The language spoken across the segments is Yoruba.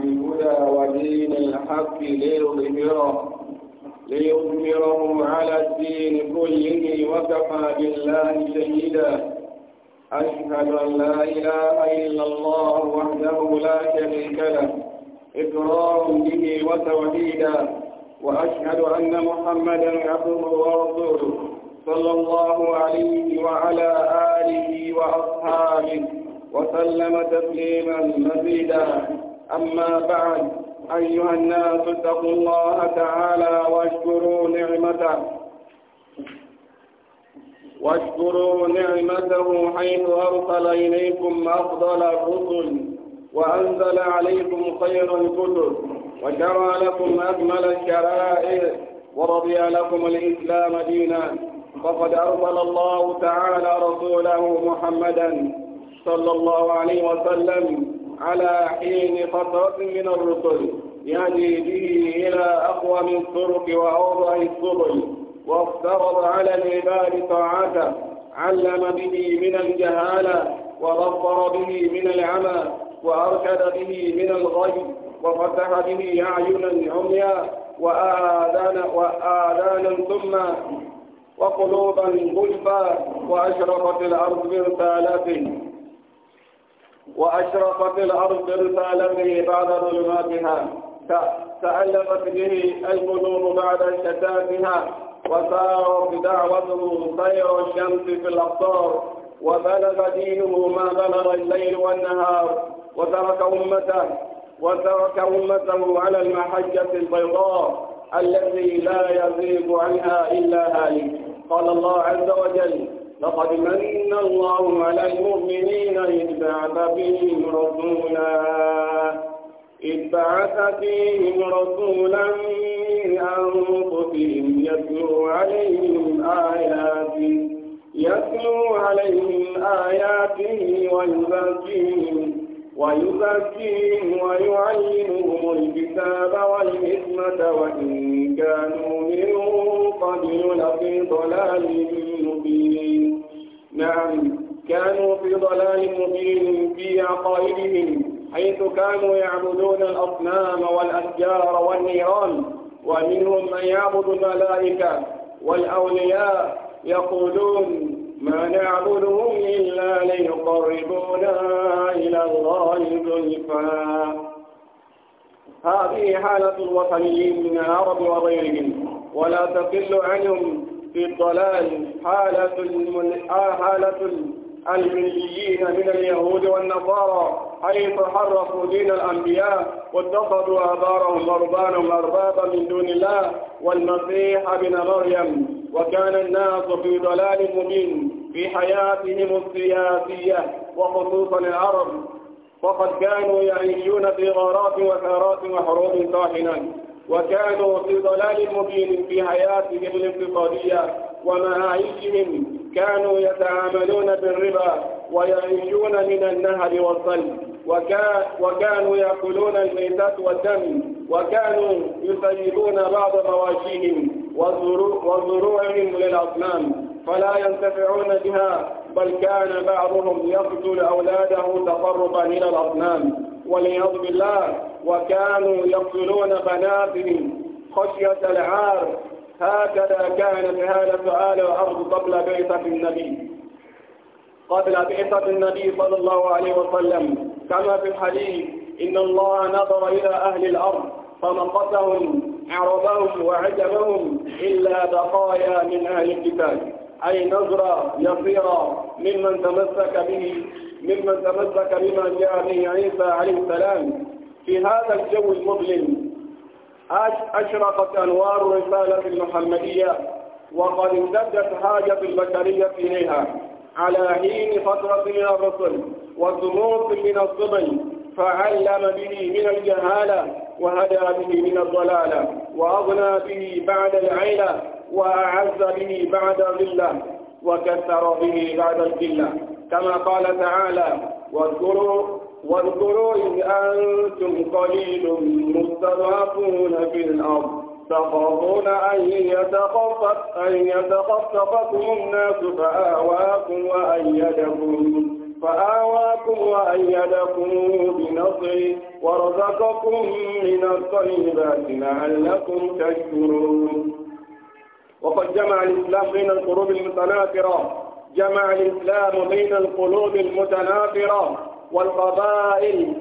بالهدى ودين الحق ليظهره ليظهره على الدين كله وكفى بالله شهيدا أشهد أن لا إله إلا الله وحده لا شريك له إقرار به وتوحيدا وأشهد أن محمدا عبده ورسوله صلى الله عليه وعلى آله وأصحابه وسلم تسليما مزيدا أما بعد أيها الناس اتقوا الله تعالى واشكروا نعمته واشكروا نعمته حيث أرسل إليكم أفضل الرسل وأنزل عليكم خير الكتب وشرع لكم أكمل الشرائع ورضي لكم الإسلام دينا فقد أرسل الله تعالى رسوله محمدا صلى الله عليه وسلم على حين فترة من الرسل يهدي يعني به إلى أقوم الطرق وأوضع السبل وافترض على العباد طاعته علم به من الجهالة وغفر به من العمى وأرشد به من الغي وفتح به أعينا عميا وآذانا, وآذانا ثم وقلوبا غلفا وأشرقت الأرض برسالته وأشرقت الأرض رسالته بعد ظلماتها تألفت به القلوب بعد شتاتها وسار بدعوته خير الشمس في الأقطار وبلغ دينه ما بلغ الليل والنهار وترك أمته وترك أمته على المحجة البيضاء التي لا يزيغ عنها إلا هالك قال الله عز وجل لقد من الله على المؤمنين إذ بعث فيهم رسولا إذ بعث فيهم رسولا من أنفسهم يتلو عليهم آياته يتلو عليهم آياته ويزكيهم ويزكيهم ويعلمهم الكتاب والحكمة وإن كانوا من قبل لفي ضلال مبين نعم كانوا في ضلال مبين في عقائدهم حيث كانوا يعبدون الأصنام والأشجار والنيران ومنهم من يعبد الملائكة والأولياء يقولون ما نعبدهم إلا ليقربونا إلى الله زلفى هذه حالة الوطنيين من العرب وغيرهم ولا تقل عنهم في الضلال حالة آه، حالة المنجيين من اليهود والنصارى حيث حرفوا دين الأنبياء واتخذوا آبارهم وربانهم أربابا من دون الله والمسيح ابن مريم وكان الناس في ضلال مبين في حياتهم السياسية وخصوصا العرب وقد كانوا يعيشون في غارات وثارات وحروب طاحنة وكانوا في ضلال مبين في حياتهم الاقتصادية ومعايشهم كانوا يتعاملون بالربا ويعيشون من النهر والصلب وكانوا يأكلون الميتات والدم وكانوا يسيبون بعض مواشيهم وزروعهم للأصنام فلا ينتفعون بها بل كان بعضهم يقتل أولاده تقربا إلى الأصنام والعياذ بالله وكانوا يقتلون بناتهم خشية العار هكذا كانت هالة أهل الأرض قبل بعثة النبي قبل بعثة النبي صلى الله عليه وسلم كما في الحديث إن الله نظر إلى أهل الأرض فمقتهم عربهم وعجمهم إلا بقايا من أهل الكتاب أي نظرة يصيرة ممن تمسك به ممن تمسك بما جاء به عيسى عليه السلام في هذا الجو المظلم أشرقت أنوار الرسالة المحمدية وقد امتدت حاجة البشرية إليها على حين فترة من الرسل وزموط من الصبي فعلم به من الجهالة وهدى به من الضلالة وأغنى به بعد العيلة وأعز به بعد الغله وكثر به بعد الذلة كما قال تعالى واذكروا واذكروا إذ أنتم قليل مستضعفون في الأرض تخافون أن يتخفف أن يتخطفكم الناس فآواكم وأيدكم فآواكم وأيدكم بنصره ورزقكم من الطيبات لعلكم تشكرون وقد جمع الإسلام بين القلوب المتناكرة جمع الإسلام بين القلوب المتنافرة والقبائل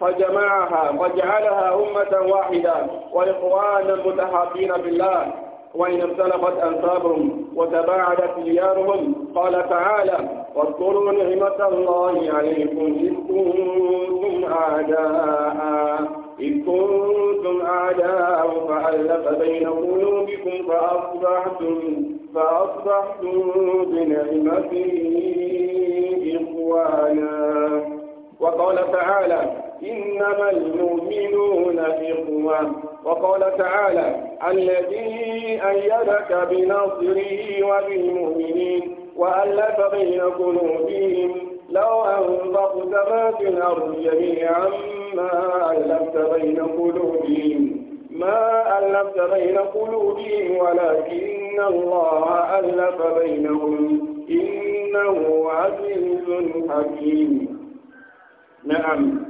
فجمعها وجعلها أمة واحدة وإخوانا متحابين بالله وإن اختلفت أنسابهم وتباعدت ديارهم قال تعالى واذكروا نعمة الله عليكم إذ كنتم أعداء إن كنتم أعداء فألف بين قلوبكم فأصبحتم, فأصبحتم بنعمته إخوانا وقال تعالى إنما المؤمنون إخوة وقال تعالى الذي أيدك بنصره وبالمؤمنين وألف بين قلوبهم لو أنفقت ما في الأرض جميعا ما ألفت بين قلوبهم ما ألفت بين قلوبهم ولكن الله ألف بينهم إنه عزيز حكيم نعم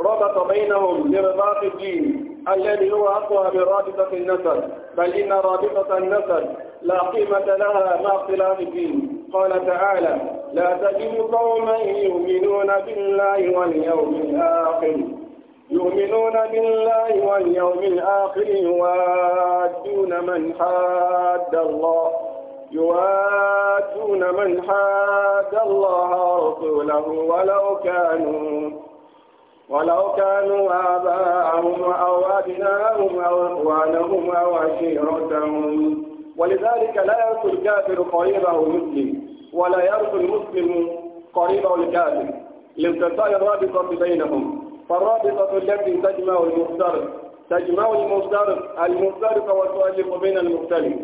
ربط بينهم برباط الدين الذي هو أقوى من رابطة النسل بل إن رابطة النسل لا قيمة لها مع اختلاف الدين قال تعالى لا تجد قوما يؤمنون بالله واليوم الآخر يؤمنون بالله واليوم الآخر يوادون من حاد الله يوادون من حاد الله ورسوله ولو كانوا ولو كانوا آباءهم أو أبناءهم أو إخوانهم أو عشيرتهم ولذلك لا يرث الكافر قريبه المسلم ولا يرث المسلم قريبه الكافر لانقطاع الرابطة بينهم فالرابطة التي تجمع المفترق تجمع المفترق المفترق وتؤلف بين المختلف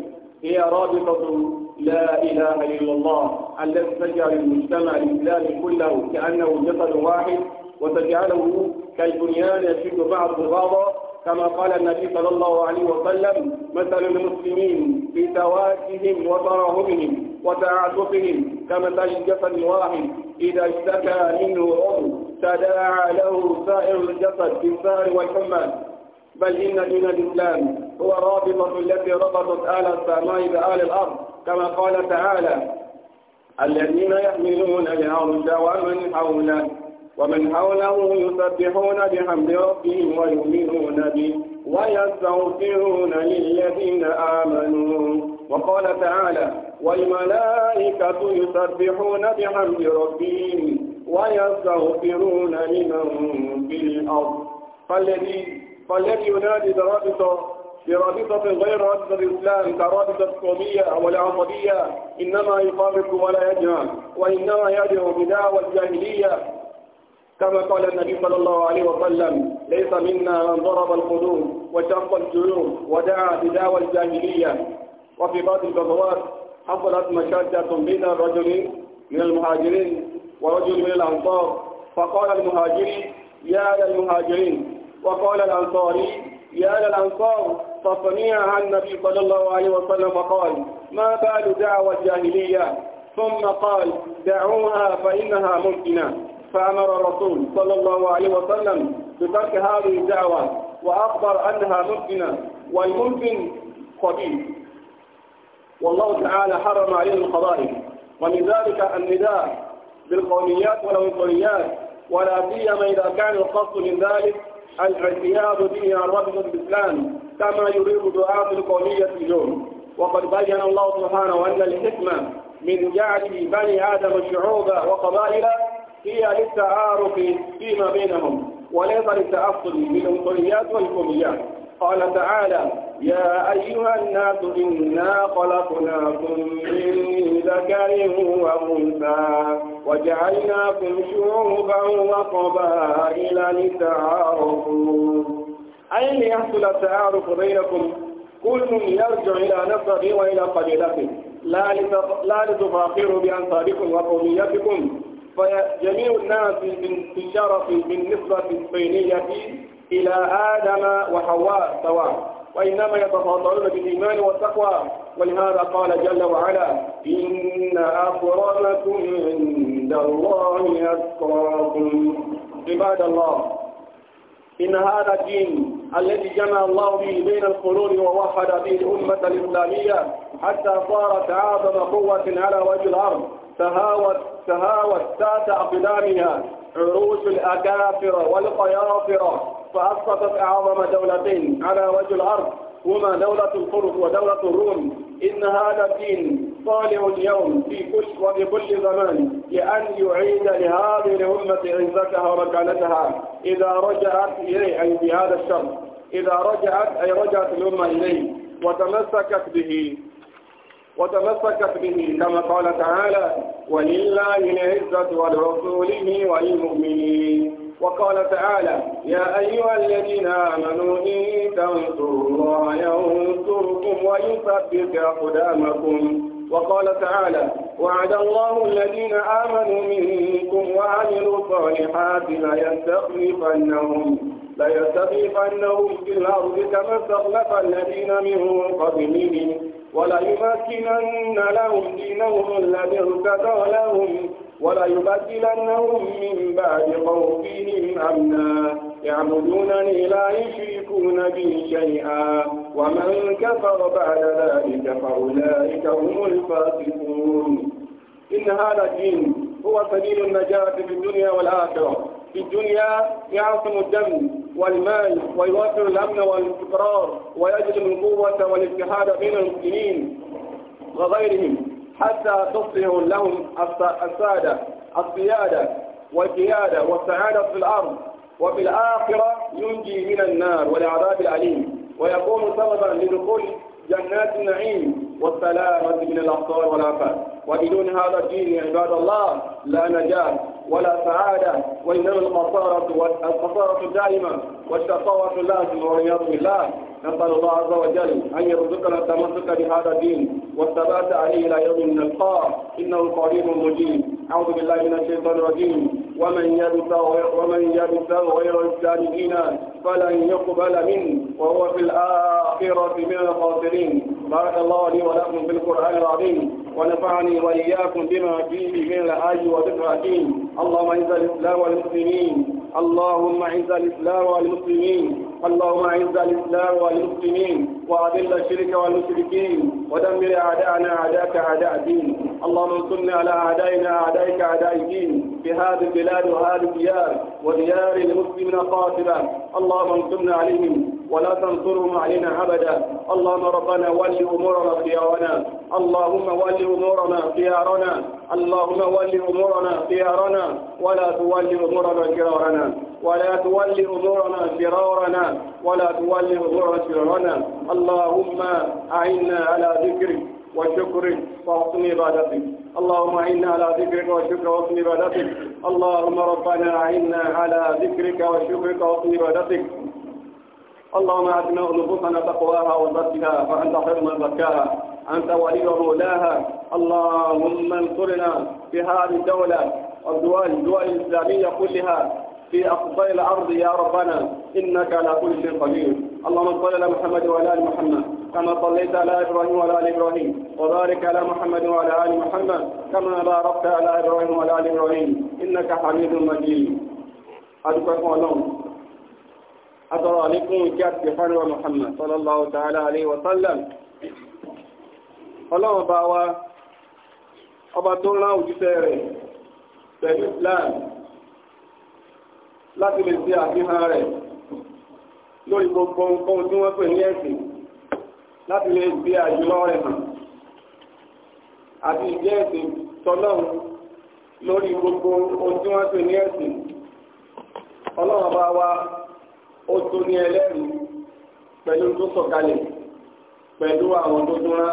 هي رابطة لا إله إلا الله التي تجعل المجتمع الإسلامي كله كأنه جسد واحد وتجعله كالبنيان يشد بعضه بعضا كما قال النبي صلى الله عليه وسلم مثل المسلمين في توادهم وتراهمهم وتعاطفهم كمثل الجسد واحد إذا اشتكى منه عضو تداعى له سائر الجسد بالسهر والحمى بل إن دين الإسلام هو رابطة التي ربطت آل السماء بآل الأرض كما قال تعالى الذين يحملون العرش ومن حوله ومن حوله يسبحون بحمد ربهم ويؤمنون به ويستغفرون للذين آمنوا وقال تعالى والملائكة يسبحون بحمد ربهم ويستغفرون لمن في الأرض فالذي فالذي ينادي برابطة برابطة غير رابطة الإسلام كرابطة قومية أو العصبية إنما يفارق ولا يجمع وإنما يدعو بدعوى الجاهلية كما قال النبي صلى الله عليه وسلم ليس منا من ضرب القدوم وشق الجيوب ودعا بدعوى الجاهلية وفي بعض الغزوات حصلت مشاجة بين رجل من المهاجرين ورجل من الأنصار فقال المهاجري يا للمهاجرين وقال الأنصاري يا للأنصار عن النبي صلى الله عليه وسلم فقال ما بال دعوى الجاهلية ثم قال دعوها فإنها ممكنة فأمر الرسول صلى الله عليه وسلم بترك هذه الدعوة وأخبر أنها ممكنة والممكن خبيث والله تعالى حرم عليه الخبائث ومن ذلك النداء بالقوميات والوطنيات ولا سيما إذا كان القصد من ذلك الاعتياد به عن رفض الإسلام كما يريد دعاة القومية اليوم وقد بين الله سبحانه أن الحكمة من جعل بني آدم شعوبا وقبائل هي للتعارف فيما بينهم وليس للتأصل بالعنصريات والقوميات قال تعالى يا أيها الناس إنا خلقناكم من ذكر وأنثى وجعلناكم شعوبا وقبائل لتعارفوا أي ليحصل التعارف بينكم كل يرجع إلى نسبه وإلى قبيلته لا لتفاخروا بأنصابكم وقوميتكم فجميع الناس بالشرف بالنسبة البينية إلى آدم وحواء سواء وإنما يتفاضلون بالإيمان والتقوى ولهذا قال جل وعلا إن أكرمكم عند الله أتقاكم عباد الله إن هذا الدين الذي جمع الله به بين القرون ووحد به الأمة الإسلامية حتى صارت أعظم قوة على وجه الأرض تهاوت تهاوت تحت أقدامها عروش الأكافر والقيافر فأسقطت أعظم دولتين على وجه الأرض هما دولة الفرس ودولة الروم إن هذا الدين صالح اليوم في كل وفي كل زمان لأن يعيد لهذه الأمة عزتها ومكانتها إذا رجعت إليه أي بهذا الشر إذا رجعت أي رجعت الأمة إليه وتمسكت به وتمسكت به كما قال تعالى ولله العزة ولرسوله وللمؤمنين وقال تعالى يا أيها الذين آمنوا إن تنصروا الله ينصركم ويثبت أقدامكم وقال تعالى وعد الله الذين آمنوا منكم وعملوا الصالحات ليستخلفنهم ليستخلفنهم في الأرض كما استخلف الذين من قبلهم يمكنن لهم دينهم الذي ارتدى لهم وليبدلنهم من بعد خوفهم أمنا يعبدونني لا يشركون بي شيئا ومن كفر بعد ذلك فأولئك هم الفاسقون إن هذا الدين هو سبيل النجاة في الدنيا والآخرة في الدنيا يعصم الدم والمال ويوفر الأمن والاستقرار ويجد القوة والاتحاد بين المسلمين وغيرهم حتى تصلح لهم السادة السيادة والقيادة والسعادة في الأرض وفي الآخرة ينجي من النار والعذاب الأليم ويكون سببا لدخول جنات النعيم والسلامة من الأخطار والآفات وبدون هذا الدين عباد الله لا نجاة ولا سعادة وإنما الخسارة الخسارة دائما والشقاوة لازم والعياذ بالله نسأل الله عز وجل أن يرزقنا التمسك بهذا الدين والثبات عليه لا يوم نلقاه إنه قريب مجيب أعوذ بالله من الشيطان الرجيم ومن يبتغ ومن يبتغ غير الإسلام فلن يقبل منه وهو في الآخرة من الخاسرين بارك الله لي ولكم بالقرآن العظيم ونفعني وإياكم بما فيه من الآي وذكر اللهم إنزل الإسلام والمسلمين اللهم اعز الإسلام والمسلمين اللهم اعز الإسلام والمسلمين واذل الشرك والمشركين ودمر اعداءنا اعداءك اعداء الدين اللهم انصرنا على اعدائنا اعدائك اعداء الدين في هذه البلاد وهذه الديار وديار المسلمين قاتلا اللهم انصرنا عليهم ولا تنصرهم علينا أبدا اللهم ربنا ولي أمورنا خيارنا اللهم ولي أمورنا خيارنا اللهم ولي أمورنا خيارنا ولا تولي أمورنا شرارنا ولا تولي أمورنا شرارنا ولا تولي أمورنا شرارنا اللهم أعنا على ذكرك وشكرك وحسن عبادتك اللهم اعنا على ذكرك وشكرك وحسن عبادتك اللهم ربنا اعنا على ذكرك وشكرك وحسن عبادتك اللهم أدنا قلوبنا تقواها وزكها فأنت خير من زكاها أنت ولي مولاها اللهم انصرنا في هذه الدولة والدول الدول الإسلامية كلها في أقصى الأرض يا ربنا إنك على كل شيء قدير اللهم صل على محمد وعلى آل محمد كما صليت على إبراهيم وعلى آل إبراهيم وبارك على محمد وعلى آل محمد كما باركت على إبراهيم وعلى آل إبراهيم إنك حميد مجيد أدعوكم اللهم atọ́rọ̀ alékún kí a ti fánà Muhammad sallallahu ta'ala alaihi wasallam ọlọ́wọ́ bá wá ọba tó rán òjíṣẹ́ rẹ̀ pẹ̀lú islam láti lè ṣe àfihàn rẹ̀ lórí gbogbo nǹkan tí wọ́n pè ní ẹ̀sìn láti lè ṣe àjùlọ rẹ̀ hàn àti ìjẹ́ ẹ̀sìn tọ́lọ́run lórí gbogbo ohun tí wọ́n pè ní ẹ̀sìn ọlọ́wọ́ bá wá ó tó ní ẹlẹ́rìí pẹ̀lú tó sọ̀kalẹ̀ pẹ̀lú àwọn tó dúnra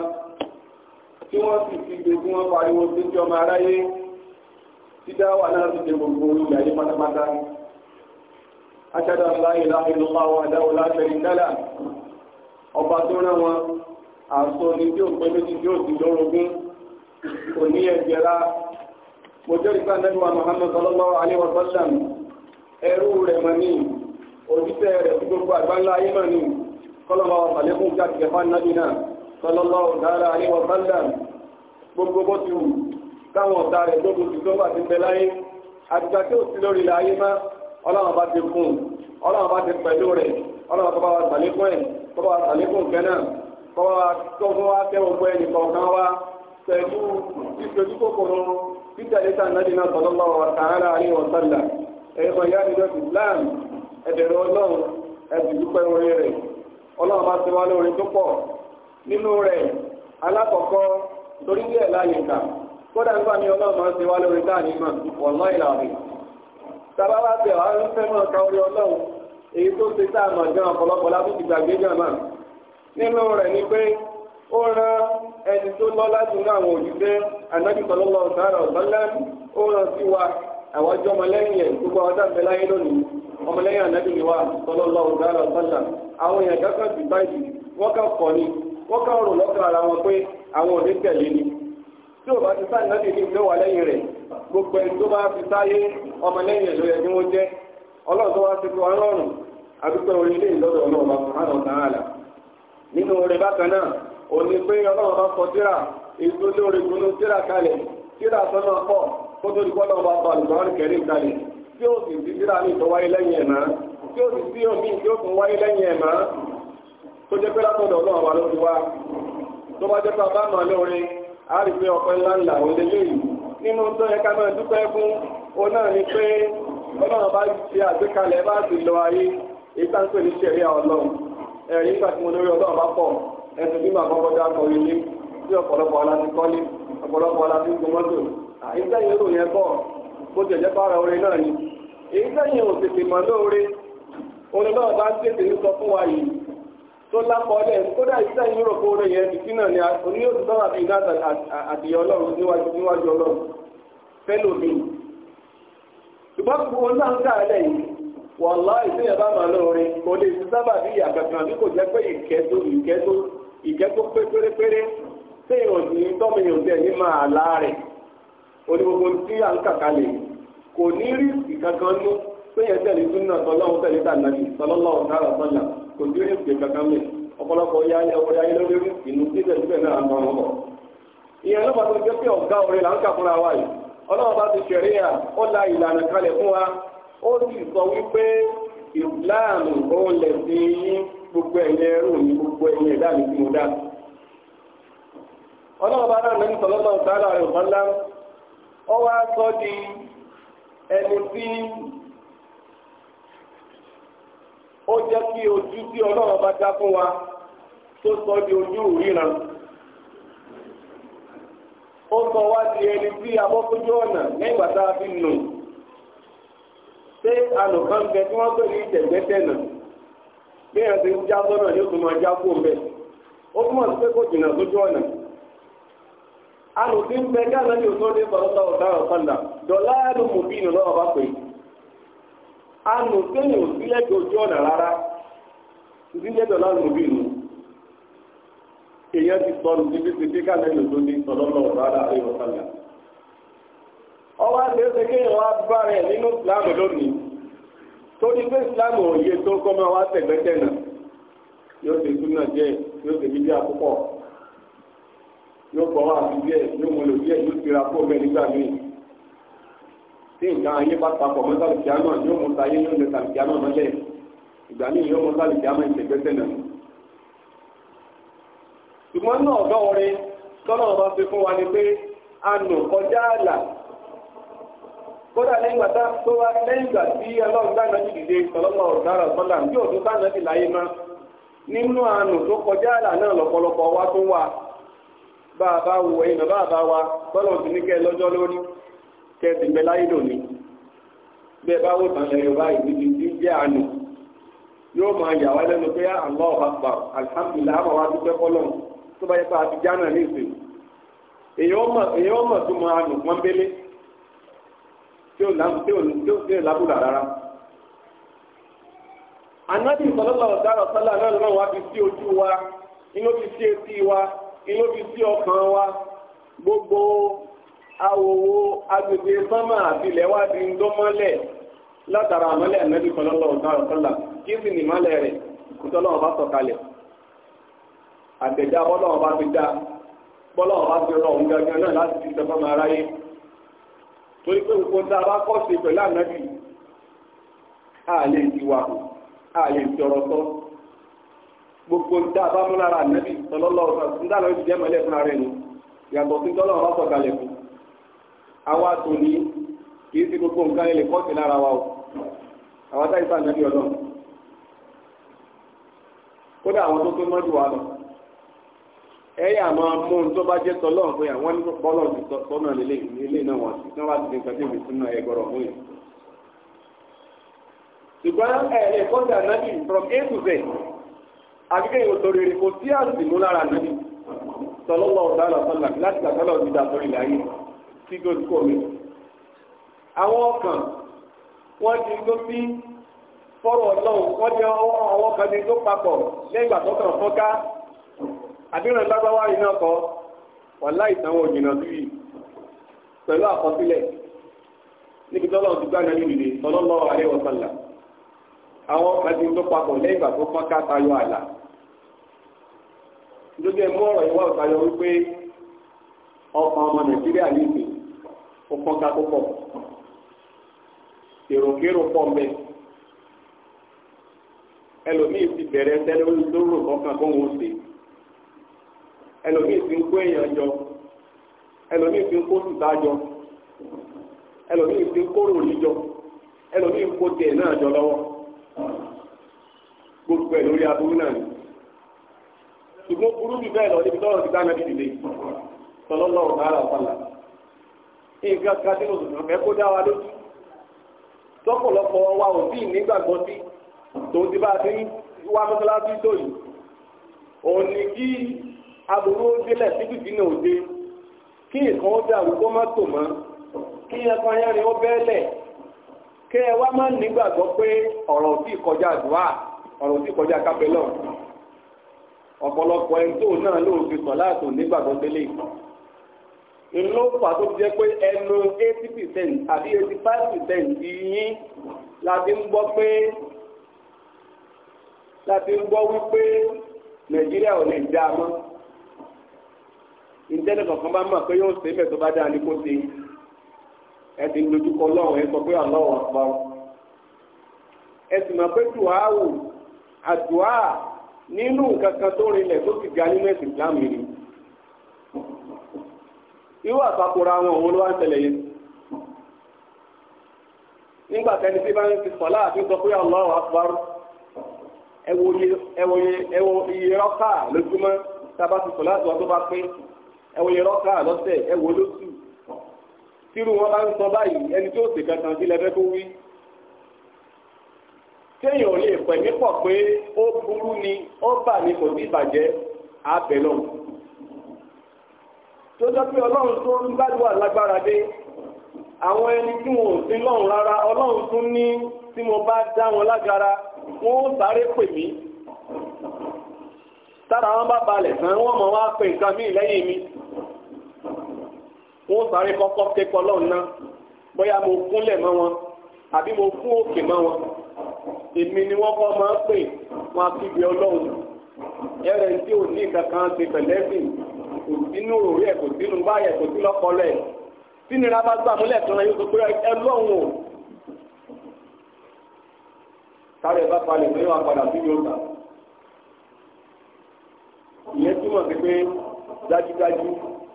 tí wọ́n sì fi gbé tí wọ́n pariwo sí ti ọmọ aráyé dídá wà náà ti dé gbogbo olùdarí pátápátá. aṣáájú aláì láì lọ́pàá àwọn àdáwò láṣẹ ìdálà ọba tó rán wọn àṣọ ni tí ó pé méjì tí ó sì lórogún kò ní ẹgbẹ̀rá mo jẹ́rìí sáà nẹ́bí wa Muhammad sallallahu alaihi wa sallam ẹrú rẹ̀ mọ́ ní òjíṣẹ́ rẹ̀ tí gbogbo àgbáńlá ayé mọ̀ ní kọlọ́mọ àlékún jáde ẹ̀fà nábì náà sọlọ́lọ́ ọ̀dára àríwọ̀ sálà gbogbo bó ti wù káwọn ọ̀tá rẹ̀ gbogbo ti tó bá ti bẹ láyé àtìgbà tí ó ti lórí ilẹ̀ ayé má ọlọ́run bá ti fún ọlọ́run bá ti pẹ̀lú rẹ̀ ọlọ́run ẹ̀ tó bá wa sàlékún ẹ̀bẹ̀rẹ̀ ọlọ́run ẹ̀dùnkúpẹ́ orin rẹ̀ ọlọ́run bá ti wá lórí tó pọ̀ nínú rẹ̀ alákọ̀ọ́kọ́ torí bí láàyè kà kódà nígbà ní ọlọ́run máa ti wá lórí dáàní mà wọ̀lọ́ ìlàrí sábà bá wá ń orí ọlọ́run èyí tó ti àmọ̀ ọ̀pọ̀lọpọ̀ lábùkù gbàgbé lọ láti inú àwọn ọ̀sán ọ̀sán lẹ́nu ó ran sí wa àwọn ọjọ́ ọmọlẹ́yìn ẹ̀ gbogbo ọjọ́ ọmọlẹ́yìn ànábì ni wá sọlọ́lá ọ̀gáàrà sọ́là àwọn èèyàn kankan ti báyìí wọ́n kàn kọ́ ni wọ́n kàn rò lọ́kàn ara wọn pé àwọn òní tẹ̀lé ni tí ò bá ti sá ìnábì ní mẹ́wàá lẹ́yìn rẹ̀ gbogbo ẹni tó bá fi sáyé ọmọlẹ́yìn ẹ̀lọ́ yẹ kí wọ́n jẹ́ ọlọ́run tó wá ti fi wọn lọ́rùn àdúgbò orílẹ̀ ìlọ́dọ̀ ọlọ́run bá fún àwọn tààlà nínú rẹ̀ kẹrin kalẹ̀ tí ó sì sí síra ní ìtọ́ wáyé lẹ́yìn ẹ̀mọ́ tí ó sì sí omi tí ó tún wáyé lẹ́yìn ẹ̀mọ́ tó jẹ́ pé látọ̀dọ̀ náà wà ló ti wá tó bá jẹ́ pé ọba náà lóore á rí pé ọpẹ́ ńlá ńlá òun lélẹ́yìn nínú tó yẹ ká máa dúpẹ́ fún òun náà ni pé ọlọ́run bá ṣe àgbékalẹ̀ bá ti lọ ayé ìta ń pè ní ṣẹ̀rí ọlọ́run ẹ̀rí nígbà tí mo lórí ọlọ́run bá pọ̀ ẹ̀sùn bí màá kọ́kọ́ dákọ̀ ilé tí ọ̀pọ̀lọpọ̀ aláti kọ́lé ọ̀pọ̀lọpọ̀ aláti gbọmọ́tò àìsẹ́yìn rò yẹn bọ̀ bó jẹ̀jẹ̀ bára orin náà ni èyí sẹ́yìn ò tètè mọ̀ lóore orin bá ń tètè ń sọ fún wa yìí tó lápọ̀ọ́lẹ̀ orin yẹn ni iná àdìyẹ ọlọ́run níwájú níwájú ọlọ́run ṣùgbọ́n náà ń yìí bá kò lè sábà bí àgbàkan kò jẹ́ pé pé pérépéré kò ní rí ìkankan nú pé yẹn tẹ̀lé súnà tọ́lọ́hún tẹ̀lé tànàbí tọ́lọ́lọ́hún náírà sọ́là kò sí rí ìkankan mẹ́ ya ẹwọ́rẹ́ ayélujára rí ìnú síbẹ̀ síbẹ̀ náà ń bọ̀ ìyẹn ló pàtó jẹ́ pé ọ̀gá orin là ń kà fúnra wa yìí bá ti ṣẹ̀rí à ó la ìlànà kalẹ̀ fún wa ó sì sọ wípé òun gbogbo ẹ̀yẹ gbogbo ẹ̀yẹ tí mo dá bá náà ẹnu tí ó jẹ́ kí ojú tí ọlọ́run bá dá wa tó sọ di ojú ríran ó sọ wá di ẹni tí abọ́kójú ọ̀nà nígbà tá a fi nù ṣé àlùkàn bẹ tí wọ́n pè ní ìtẹ̀gbẹ́tẹ̀ bí ẹ̀sìn yóò tún máa já kó bẹ́ẹ̀ ó túmọ̀ sí pé kò jìnnà sójú arùbí ń bẹ gáàlá ní òtún ní ìfọ̀lọ́tọ̀ ọ̀tá ọ̀tánlá dọ̀lá ẹnu mú bí ìnù lọ́wọ́ bá pè é anù sẹ́yìn ò sílẹ̀ tó ojú ọ̀nà rárá ìdílé dọ̀lá ẹnu mú bí ìnù èèyàn ti sọnù síbi ti bí gáàlá ní òtún ní ìfọ̀lọ́tọ̀ ọ̀tánlá ọ̀tánlá ọwọ́ àti ẹsẹ̀ kéèyàn wá bá rẹ̀ nínú ìsìlámù lónìí yóò kọ́ wá sí díẹ̀ yóò mú lò díẹ̀ yóò tira kó bẹ́ẹ̀ nígbà míì tí nǹkan ayé bá papọ̀ mọ́ sàlùkìá náà yóò mú sáyé yóò lè sàlùkìá náà mọ́lẹ̀ ìgbà míì yóò mú sàlùkìá náà ìṣègbésẹ̀ náà. ṣùgbọ́n náà ọ̀dọ́ orin tọ́nà ọba fi fún wa ni pé a nù kọjá àlà kódà lẹ́yìn ìgbà tó wá lẹ́yìn ìgbà tí ọlọ́run dáná ti dìde sọlọ́mọ bá bá wo bá bá wa bọ́lá òsì ní kẹ́ lọ́jọ́ lórí kẹ́ ẹ sì bá ọba ìdíje tí jẹ́ àánú yóò máa yà wá lẹ́nu pé àlọ́ ah, àpà alihamudulilayi àwọn wa dúpẹ́ kọ́lọ̀ tó àti jánà ní ìsìn mọ̀ tó tí ò lábùdà rárá anábì sọlọ́lọ́ náà lọ́wọ́ fi sí ojú wa inú fi sí etí wa ìlóbi sí ọkàn wa gbogbo awòwo agbègbè sánmà àbílẹ̀ wá di ń dọ́mọ́lẹ̀ látara àmọ́lẹ̀ ànábì kọlọ́lọ́ ọ̀tọ́lá kí sì ní ìmọ́lẹ̀ rẹ̀ kùtọ́lọ́wọ́ bá sọ̀kalẹ̀ àtẹ̀dá bọ́lọ́wọ́ bá fi dá bọ́lọ́wọ́ bá fi rọ̀ òun gangan náà láti fi sọ́kọ́ máa ráyé torí pé gbogbo tá a bá kọ́ sí pẹ̀lú ànábì àlè ìwà àlè ìjọrọ̀ sọ́ọ́ gbogbo ní dáa bá mú ọ̀sán ní jẹ́ mọ́lẹ̀ fún rẹ̀ ni yàtọ̀ sí tọ́lọ́ ọ̀rọ̀ sọ̀kalẹ̀ fún awa tó ní kì í sí gbogbo nǹkan lára wa o táyì kódà àwọn tó tó wa lọ máa mú bá àwọn ní bọ́lọ̀ ti lélẹ̀ náà wọ́n ti náà wá ti nǹkan sínú àbíkẹ́ yóò sọ rere kò sí àsìmú lára níbi sọlọ́lọ́ ọ̀dàlọ́ sọlá láti àtàlọ́ ìdá sórí láyé tí tó kọ̀ mí. àwọn ọkàn wọ́n ti tó sí fọ́rọ̀ ọlọ́run wọ́n ti ọwọ́ kan ti tó papọ̀ lẹ́yìn ìgbà tó kàn fọ́ká àbíràn lágbáwá yìí náà kọ́ wàhálà ìtàwọn òjìnà sí yìí pẹ̀lú àkọsílẹ̀ níbi tọ́lọ́ ti gbá àwọn ọ̀pẹ̀sìn tó papọ̀ lẹ́yìn tó fọ́n ká tayọ àlà lójú ẹ̀mú ọ̀rọ̀ ìwà ọ̀tayọ wípé ọmọ nàìjíríà ní ó fọ́n ká púpọ̀ èròkérò pọ̀ ẹlòmíì ti bẹ̀rẹ̀ tẹ́lẹ̀ tó rò kọ́kàn kó wọn ṣe ẹlòmíì ti ń kó èèyàn jọ gbogbo ẹ̀ lórí aburú náà ni ṣùgbọ́n burú jù bẹ́ẹ̀ lọ níbi tọ́lọ̀ ti dáná bíi ilé tọ́lọ́lọ́ ọ̀gára ọ̀pàlà nǹkan kan tí kó dá wa lójú tọ́pọ̀lọpọ̀ wa ò nígbàgbọ́ sí tòun ti bá a ti wá òun ni kí aburú ó délẹ̀ síbi kí ẹ wá máa ń nígbàgbọ́ pé ọ̀rọ̀ tí kọjá àdúrà ọ̀rọ̀ tí kọjá kábẹ́lọ̀ ọ̀pọ̀lọpọ̀ ẹni tó náà ló fi sọ láàtò nígbàgbọ́ délé ìlú fà tó jẹ́ pé ẹnu eighty àbí eighty five percent la ti ń gbọ́ pé la ti ń gbọ́ wípé nàìjíríà ò lè dá a mọ́ ìjẹ́nìkọ̀ọ̀kan bá mọ̀ pé yóò ṣe é mẹ́tọ́ bá dáa ní kó ṣe é ẹ̀sìn lójúkọ lọ́wọ́ ẹ sọ pé Allahu Akbar ẹ̀sìn máa pé dùáwò àdùá nínú nǹkan kan tó rinlẹ̀ tó ti ga nínú ẹ̀sìn Islam yìí irú àpapọ̀ra àwọn òun ló wá ń tẹ̀lé yìí nígbà tẹni tí bá ń ti sọ̀lá àti sọ pé Allahu Akbar ẹwọ iye rọ́kà lójúmọ́ tábà ti sọ̀lá àti wọn tó bá pé ẹwọ iye rọ́kà lọ́sẹ̀ ẹwọ lóṣù tírú wọn bá ń sọ báyìí ẹni tó sì kankan sí lẹfẹ tó wí téèyàn ò lè pẹ̀ nípọ̀ pé ó burú ni ó bà ní kò sí ìbàjẹ́ àbẹ̀ lọ tó jọ pé ọlọ́run tó ń gbàdúrà lágbára dé àwọn ẹni tí wọn ò sí lọ́run rárá ọlọ́run tún ní tí mo bá dá wọn lágara wọn ó sáré pè mí tára wọn bá balẹ̀ tán wọn mọ̀ wá pé nǹkan míì lẹ́yìn mi wọ́n sáré kọ́kọ́ ké kọlọ́run náà bóyá mo kúnlẹ̀ mọ́ wọn àbí mo kún òkè mọ́ wọn èmi ni wọ́n kọ́ máa ń pè wọn àfihàn ọlọ́run ẹrẹ̀ tí ò ní kankan ṣe pẹ̀lẹ́sìn kò sínú òrí ẹ̀ kò sínú báyẹ̀ kò sí lọ́pọlọ ẹ̀ sínira bá gbà múlẹ̀ tán yóò sọ pé ẹ lọ́hùn o sáré bá palẹ̀ pé wọ́n padà sí yóò gbà ìyẹn túmọ̀ sí pé dájúdájú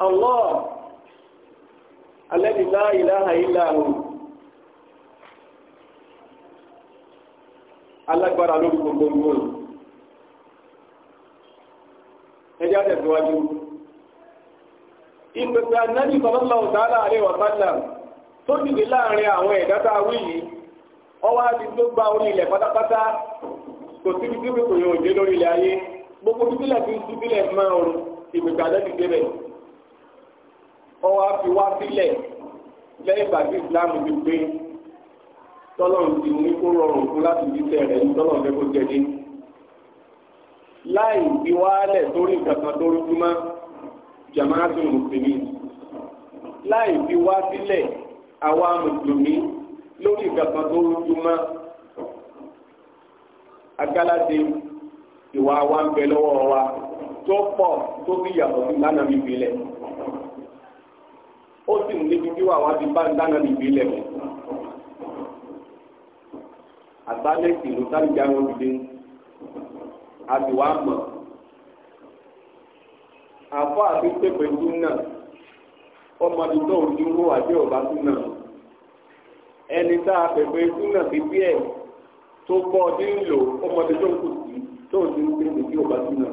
Allah alladhi la ilaha illa hu alágbára lórí gbogbo gbòòrò ẹjá tẹ̀síwájú ìpèsè ànábì sallallahu ta'ala alaihi wa sallam tó dìde láàrin àwọn ẹ̀dá tá a wí yìí ọwọ́ àti tó gba orí ilẹ̀ pátápátá kò ọwọ́ fi wá sílẹ̀ lẹ́yìn ìgbà tí ìsìláàmù ti pé tọ́lọ́run ti ní kó rọrùn fún láti jíṣẹ́ rẹ̀ ní tọ́lọ́run fẹ́ kó jẹ́dé láì fi wálẹ̀ sórí ìkàkan tó rújú mọ́ jamaatu mùsùlùmí láì fi wá sílẹ̀ àwa mùsùlùmí lórí ìkàkan tó rújú mọ́ agálàdé ìwà wa ń bẹ lọ́wọ́ wa tó pọ̀ tó fi yàtọ̀ sí lánàá mi fi lẹ̀ ó sì ń níbi tí wà wá ti bá ń dáná níbi ilẹ̀ mọ́. àtàlẹ́sì ló sábìjà wọn dìde a sì wá mọ̀. àfọ àti pépè tún náà ọmọdé tó ń dúró àti ọba tún náà ẹni tá a pèpè tún náà fi bí ẹ̀ tó bọ́ ọdún lò ọmọdé tó ń kù sí tó ń dúró pé kí ọba tún náà.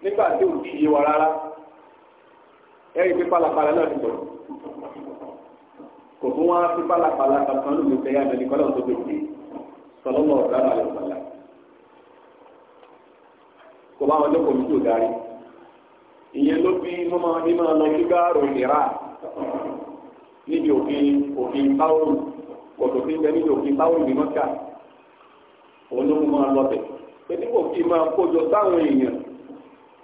nígbà tí ò ti yé wa rárá ẹ̀rí pé pálapàla náà ti bọ̀ kò fún wa fi pálapàla kankan lómi tẹ́ yá mẹ́lí kọ́lá tó tètè sọlọ́mọ ọ̀dà àlẹ́ ìpàlà kò bá wọn lọ́kọ̀ọ́ mi tó darí ìyẹn ló bí mọ́mọ́ ní máa lọ sí gáàrò ìlera níbi òfin òfin báwòrò kòtò tí ń bẹ níbi òfin báwòrò ní mọ́tà òun ló mú máa lọ bẹ̀ pé nígbà òfin máa kójọ sáwọn èèyàn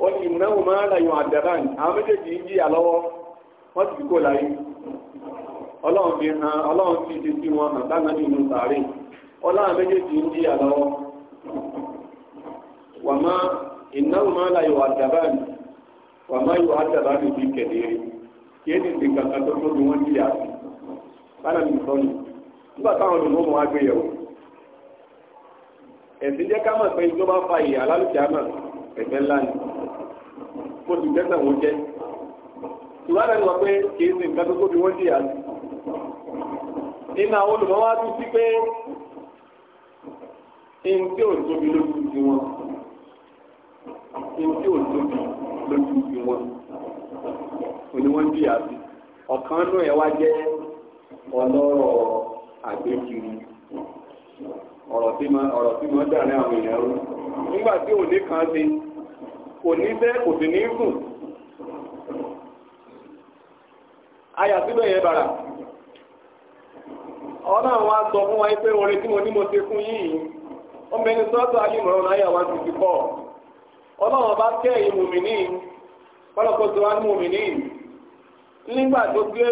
ó ní ìmúnáwó máa ń ràyàn àwọn méjèèjì ń jìyà lọ́wọ́ wọ́n ti kó láyé ọlọ́run fi hàn ọlọ́run fi ti sí wọn hàn dáná nínú sàárè ọlọ́run méjèèjì ń wà má ìnáwó wà má yóò bí kí ti kàkà tó tó wọ́n mi sọ ni nígbà táwọn ó sì tẹ́sán wọn jẹ́ ìwà rẹ̀ sọ pé kì í sin nǹkan tó tóbi wọ́n jìyà nínú àwọn olùmọ̀ wá tún sí pé ẹni tí ò tóbi lójú sí wọn ẹni tí ò tóbi lójú sí wọn òní wọ́n jìyà sí ọ̀kan nù ẹ̀ wá jẹ́ ọlọ́rọ̀ àgbékiri ọ̀rọ̀ tí mo dà ní àwọn èèyàn rú nígbà tí òní kan ti. kò ní kò sì ní gùn ayà yẹ bàrà ọlọ́run wa fún wa pé orin tí mo ní mo ṣe fún yìí ọmọ sọ́tọ̀ ayélujára náírà one fifty four ọlọ́run bá kẹ́ wá ní nígbà tó gbé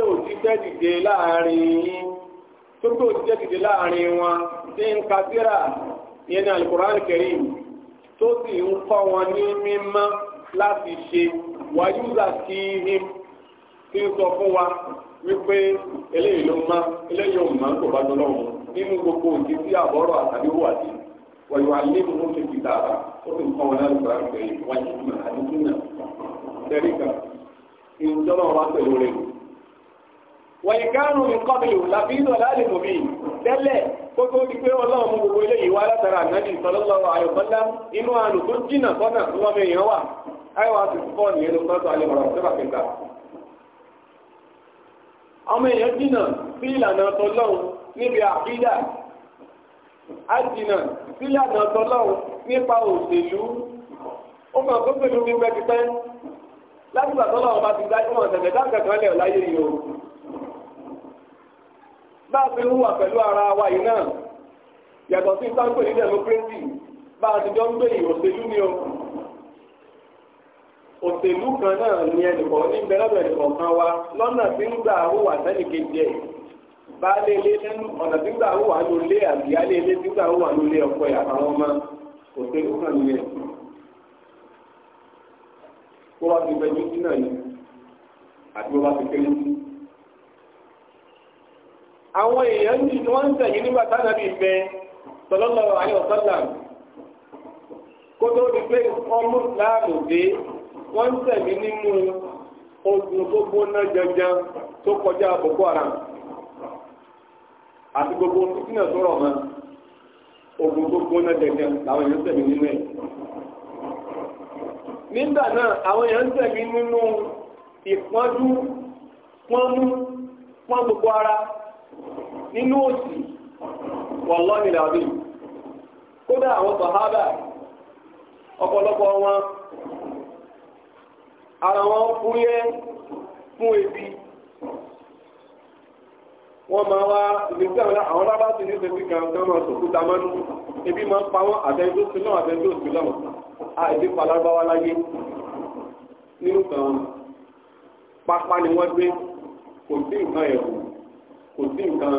dìde láàrin tó gbé dìde láàrin wọn ń ìyẹn tó sì ń kọ́ wọn ní mímọ́ láti ṣe wáyúzà kí him ti ń sọ fún wa wípé eléyìí ló má eléyìí ò má kò bá tọ́lọ́ wọn nínú gbogbo òjì sí àbọ̀rọ̀ àtàbí wà sí wọ̀nyí wà lé mú ṣe ti dára ó sì ń kọ́ wọn láti gbà pé wọ́n ti mọ̀ àdúgbò náà tẹ́lẹ̀ kan ìjọba wa pẹ̀lú rẹ̀ wọ̀nyí kárùn-ún kọ́bìlì làbí ìdọ̀lá lè mọ̀ mí tẹ́lẹ̀ kó tó di pé ọlọ́run gbogbo eléyìí wá látara ànábì sọlọ́lọ́rọ̀ àyọ̀kọ́lá inú àrùn tó jìnà sọ́nà tí wọ́n fi wà àìwá ti fọ́ nìyẹn ló sọ́tọ̀ alẹ́ ọ̀rọ̀ tó ọmọ èèyàn jìnà sí ìlànà tọlọ́run níbi àkídà á jìnà sí ìlànà tọlọ́run nípa òṣèlú ó mọ̀ tó pẹ̀lú pípẹ́ pípẹ́ látìgbà tọ́lọ́run bá ti dájú mọ̀ tẹ̀lẹ̀ dáǹkà lẹ̀ láyé yìí bá a ti ń hùwà pẹ̀lú ara wa yìí náà yàtọ̀ sí sáńpẹ̀ ní democracy bá a ń gbé òṣèlú ni o òṣèlú kan náà ni ẹnìkan ní bẹ́lẹ́bẹ̀ nìkọ̀ọ̀kan wa lọ́nà tí ń gbà hùwà sẹ́nì kejì ẹ̀ bá lé ilé lẹ́nu ọ̀nà tí ń gbà hùwà ló lé àbí alé ilé tí ń gbà hùwà ló lé ọkọ ẹ̀ àtàwọn ọmọ òṣèlú kan ni ẹ̀ kó wá ti bẹjú sí náà ni àti bó bá ti kéré sí. àwọn èèyàn ní ni wọ́n ń tẹ̀yìn nígbà tánàbí ìfẹ́ sallallahu alaihi kó tó di pé ọmọ láàmù dé wọ́n ń tẹ̀mí nínú ogun tó gbóná tó kọjá gbogbo tó rọ̀ ogun tó gbóná èèyàn tẹ̀mí nínú gbogbo ara nínú òsì wallahi alazim kódà àwọn sàhábà ọ̀pọ̀lọpọ̀ wọn ara wọn fúyẹ́ fún ebi wọ́n máa wá ìgbésí àwọn àwọn lábá sí ní ìgbésí kan tó máa sòkúta mọ́nú ebi máa ń pa wọ́n àtẹ́jọ́ sí náà àtẹ́jọ́ sí náà àìdí palárúbáwá láyé nínú kan pápá ni wọ́n gbé kò sí nǹkan ẹ̀rọ kò sí nǹkan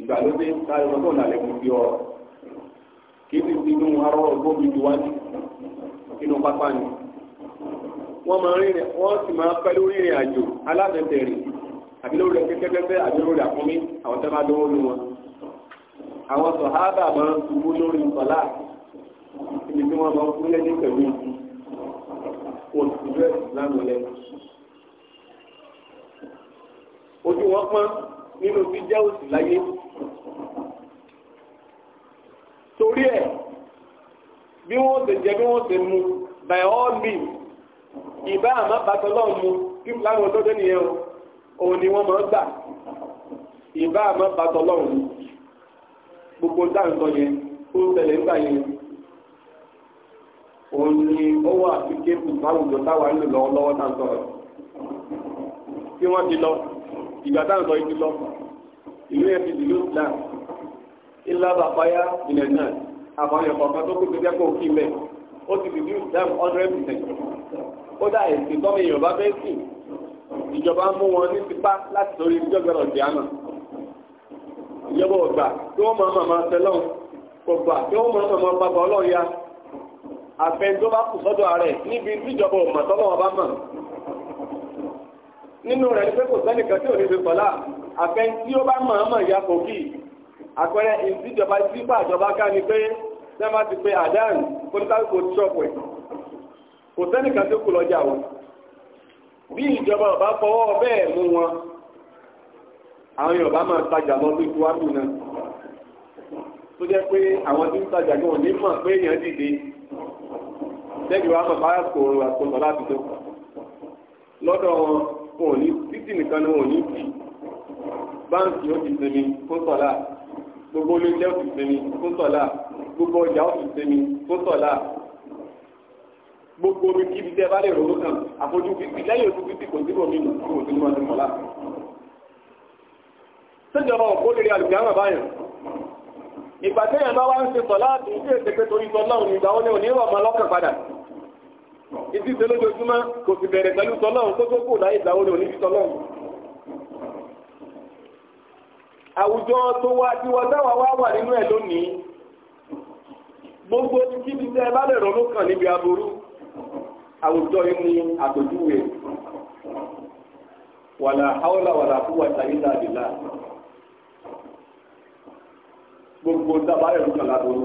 ìgbàlódé táyọ ọgbọ́n làlẹ́ kò fi ọ kì í sì ti inú arọ ọgbọ́n mi ti wá ní inú pápá ni wọ́n máa rìn wọ́n sì máa pẹ́ lórí ìrìn àjò alábẹ̀tẹ̀ rìn àbí lórí rẹ̀ kẹ́kẹ́kẹ́kẹ́ àbí lórí àkúnmí àwọn tẹ́ bá dánwó lu wọn àwọn sọ̀hábà máa ń ṣubú lórí sọ̀lá ibi tí wọ́n máa ń fúnlẹ̀ ní pẹ̀lú ìlú kò sí pọ́n nínú jíjẹ́ òsì láyé torí ẹ̀ bí wọ́n ṣe jẹ bí wọ́n ṣe mu by all means ìbá àmà bàtọ́lọ́ mu kí láwọn ọlọ́dẹ nìyẹn o òun ni wọ́n máa ń gbà ìbá àmà bàtọ́lọ́ mu gbogbo dáńtọ́ yẹn ó ń tẹ̀lé ńgbà yẹn òun ni ó wà sí kéèkù báwùjọ táwa ń lò lọ́wọ́lọ́wọ́ dáńtọ́ rẹ̀ kí wọ́n ti lọ ìgbà táwọn sọ ibi lọ ìlú yẹn ti dìlú islam ilá bàbáyá ilẹ̀ náà àbáwọn ẹ̀kọ́ kan tó kú ti dẹ́kọ̀ òkì mẹ́ ó ti dìlú islam hundred percent kódà èsì tọ́mọ èèyàn bá fẹ́ sìn ìjọba mú wọn ní tipa láti sórí ìjọ gbẹrọ ìdíyàmà ìjọba ọgbà tí wọn máa máa tẹlọ ọgbà tí wọn máa máa pàpà ọlọ́ọ̀ya àfẹn tó bá kù sọ́dọ̀ ààrẹ níbi tíjọba ọmọ nínú rẹ̀ ni pé kò sẹ́nìkan tí ò ní fi pọ̀lá àfẹn tí ó bá mọ̀ọ́mọ̀ ya kò kì í àpẹẹrẹ ìdíjọba sípò àjọba ká ni pé sẹ́mbà ti pé àdáhùn kóníkàlùkò tíṣọ́pù ẹ̀ kò sẹ́nìkan tó kù lọ́jà wọn bí ìjọba ọba fọwọ́ bẹ́ẹ̀ mú wọn àwọn Yorùbá máa tajà lọ sí iwájú náà tó jẹ́ pé àwọn tí ń tajà ní òní mọ̀ pé èèyàn dìde lẹ́yìn wa mọ̀ bá kòrò àkóso láti lọ́dọ̀ wọn wọn ò ní títì nìkan ni wọn ò ní tì báńkì ó ti sinmi fún sọlá gbogbo olóúnjẹ ó ti sinmi fún sọlá gbogbo ọjà ó ti sinmi fún sọlá gbogbo omi kíbi tẹ bá lè ròó kàn àfojú fífi lẹ́yìn ojú fífi kò síbò mí nù kí wò sí ní wọn ti sọlá. sọjọba òkú lórí àlùkìyàmọ báyọ ìgbà téèyàn bá wá ń ṣe sọlá àti ìdí èsèpé torí sọlá òní ìgbà ó lé ìwà ọmọ ọlọ́kàn padà ìdí ìṣe lójoojúmọ́ kò sì bẹ̀rẹ̀ pẹ̀lú tọ́lọ́run tó tó kù láyé ìdáwó ní oníbi tọ́lọ́run. àwùjọ tó wá tí wọ́n dáwà wá wà nínú ẹ̀ lónìí gbogbo kí ti tẹ́ ẹ bá lè ronú kàn níbi aburú àwùjọ yìí ni àpèjúwe wàlà haúlà wàlà fúwà ìtàgídà àdìlà gbogbo dábàá ẹ̀rù kan láburú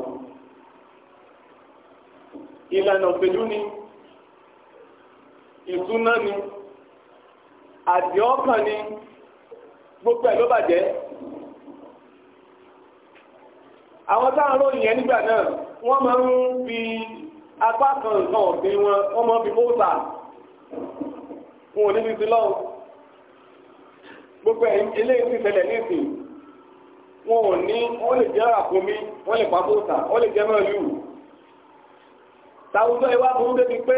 ìlànà òṣèlú ni ìtúná ni àdìọ́kàn ni gbogbo ẹ̀ ló bàjẹ́ àwọn táwọn olóyìn yẹn nígbà náà wọ́n máa ń fi apá kan nǹkan ọ̀gbìn wọn wọ́n máa ń fi bóòsà wọn ò ní fi sílọ́ọ̀ gbogbo eléyìí ti ṣẹlẹ̀ nísìn wọn ò ní wọ́n lè jẹ́ àkómi wọ́n lè pa bóòsà wọ́n lè jẹ́ mọ́ọ̀lù tàwùjọ ìwà burú débi pé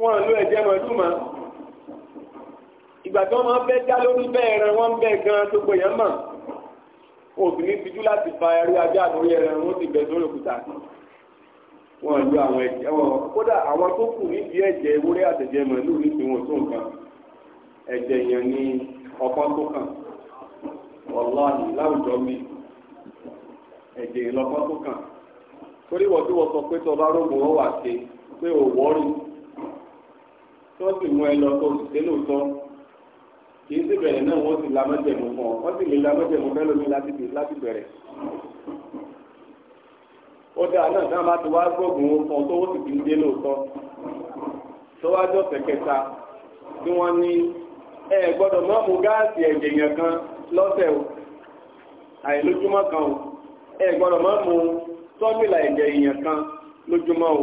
wọn lo ẹ̀jẹ̀ mọ̀ọ́dúnmọ́ ìgbà tí wọ́n máa fẹ́ dá lórí bẹ́ẹ̀ rẹ wọ́n ń gan tijú láti fa ajá ẹrẹ wọn ti bẹ̀ sórí òkúta wọn lo àwọn ẹ̀jẹ̀ wọn kódà àwọn tó kù nídìí ẹ̀jẹ̀ ewúrẹ́ àtẹ̀jẹ̀ wọn tó nǹkan ẹ̀jẹ̀ yẹn ni ọkọ́ tó kàn tí wọ́n mú ẹ lọ tó lóòótọ́ kì í sì bẹ̀rẹ̀ náà wọ́n lamẹ́jẹ̀mú fún ọ wọ́n sì lè lamẹ́jẹ̀mú láti bẹ̀rẹ̀. ó dáa náà dáa máa ti wá gbógun ọkàn tó ó sì ti dé lóòótọ́ tó wá jọ sẹ̀kẹta tí wọ́n ní kan lọ́sẹ̀ o àìlójúmọ́ kan o ẹ gbọ́dọ̀ má mu tọ́mìlà ẹ̀jẹ̀ yẹn kan lójúmọ́ o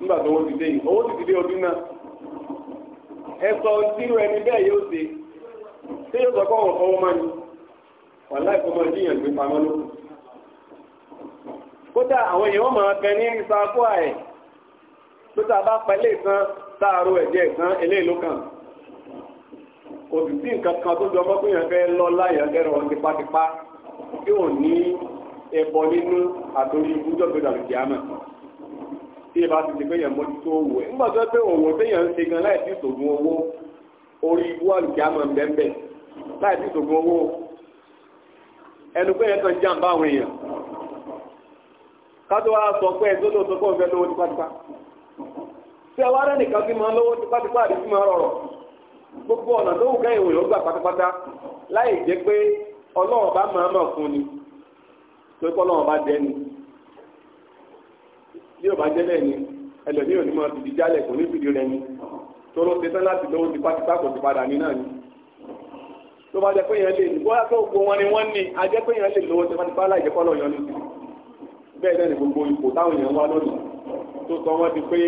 nígbà tó wọ́n ti dé yìí owó ti ti dé ẹ sọ sírú ẹni bẹ́ẹ̀ yóò ṣe tí yóò sọ pé òun fọwọ́ máa ní wàhálà ìfọmọ ìdíyàn gbé pamọ́ ló. kódà àwọn èèyàn máa bẹ ní ìsàkó àẹ̀ tó tá a bá pa ilé ìsan sáàrò ẹ̀jẹ̀ ìsan eléyìí ló kàn kò sì sí nǹkan kan tó jọ mọ́tò yẹn fẹ́ lọ láyàn gẹ́rọ tipátipá tí ò ní ẹbọ nínú àtòrí ìbújọ́ gbẹdọ̀ tí ìbá ti di pé yẹn mójútó owó ẹ̀ nígbà tó pé òwò téèyàn ń ṣe gan láì ìṣògùn owó orí ń bẹ́ẹ̀ láì ìṣògùn owó ẹnu pé yẹn àwọn èèyàn kátó sọ pé ẹjọ́ sọ pé lówó tipátipá tí ẹ wá rẹ́ nìkan máa lówó tipátipá máa rọrọ̀ gbogbo ọ̀nà tó wù òyìnbó gbà pátápátá láì jẹ́ pé máa mọ̀ fún ni bí ò bá jẹ́ bẹ́ẹ̀ ni ẹlẹ́ni ò ní máa fìdí jálẹ̀ kò ní fìdí rẹ ni tóró ṣetán láti lówó tipátipá kò ti padà ní náà ni tó bá jẹ́ pé yẹn lè ní bóyá tó gbogbo wọn ni wọ́n ní a jẹ́ pé yẹn lè lówó tipátipá láìjẹ́kọ́ lọ́yọ́ ni bẹ́ẹ̀ náà ni gbogbo ipò táwọn èèyàn wá lónìí tó sọ wọ́n ti pé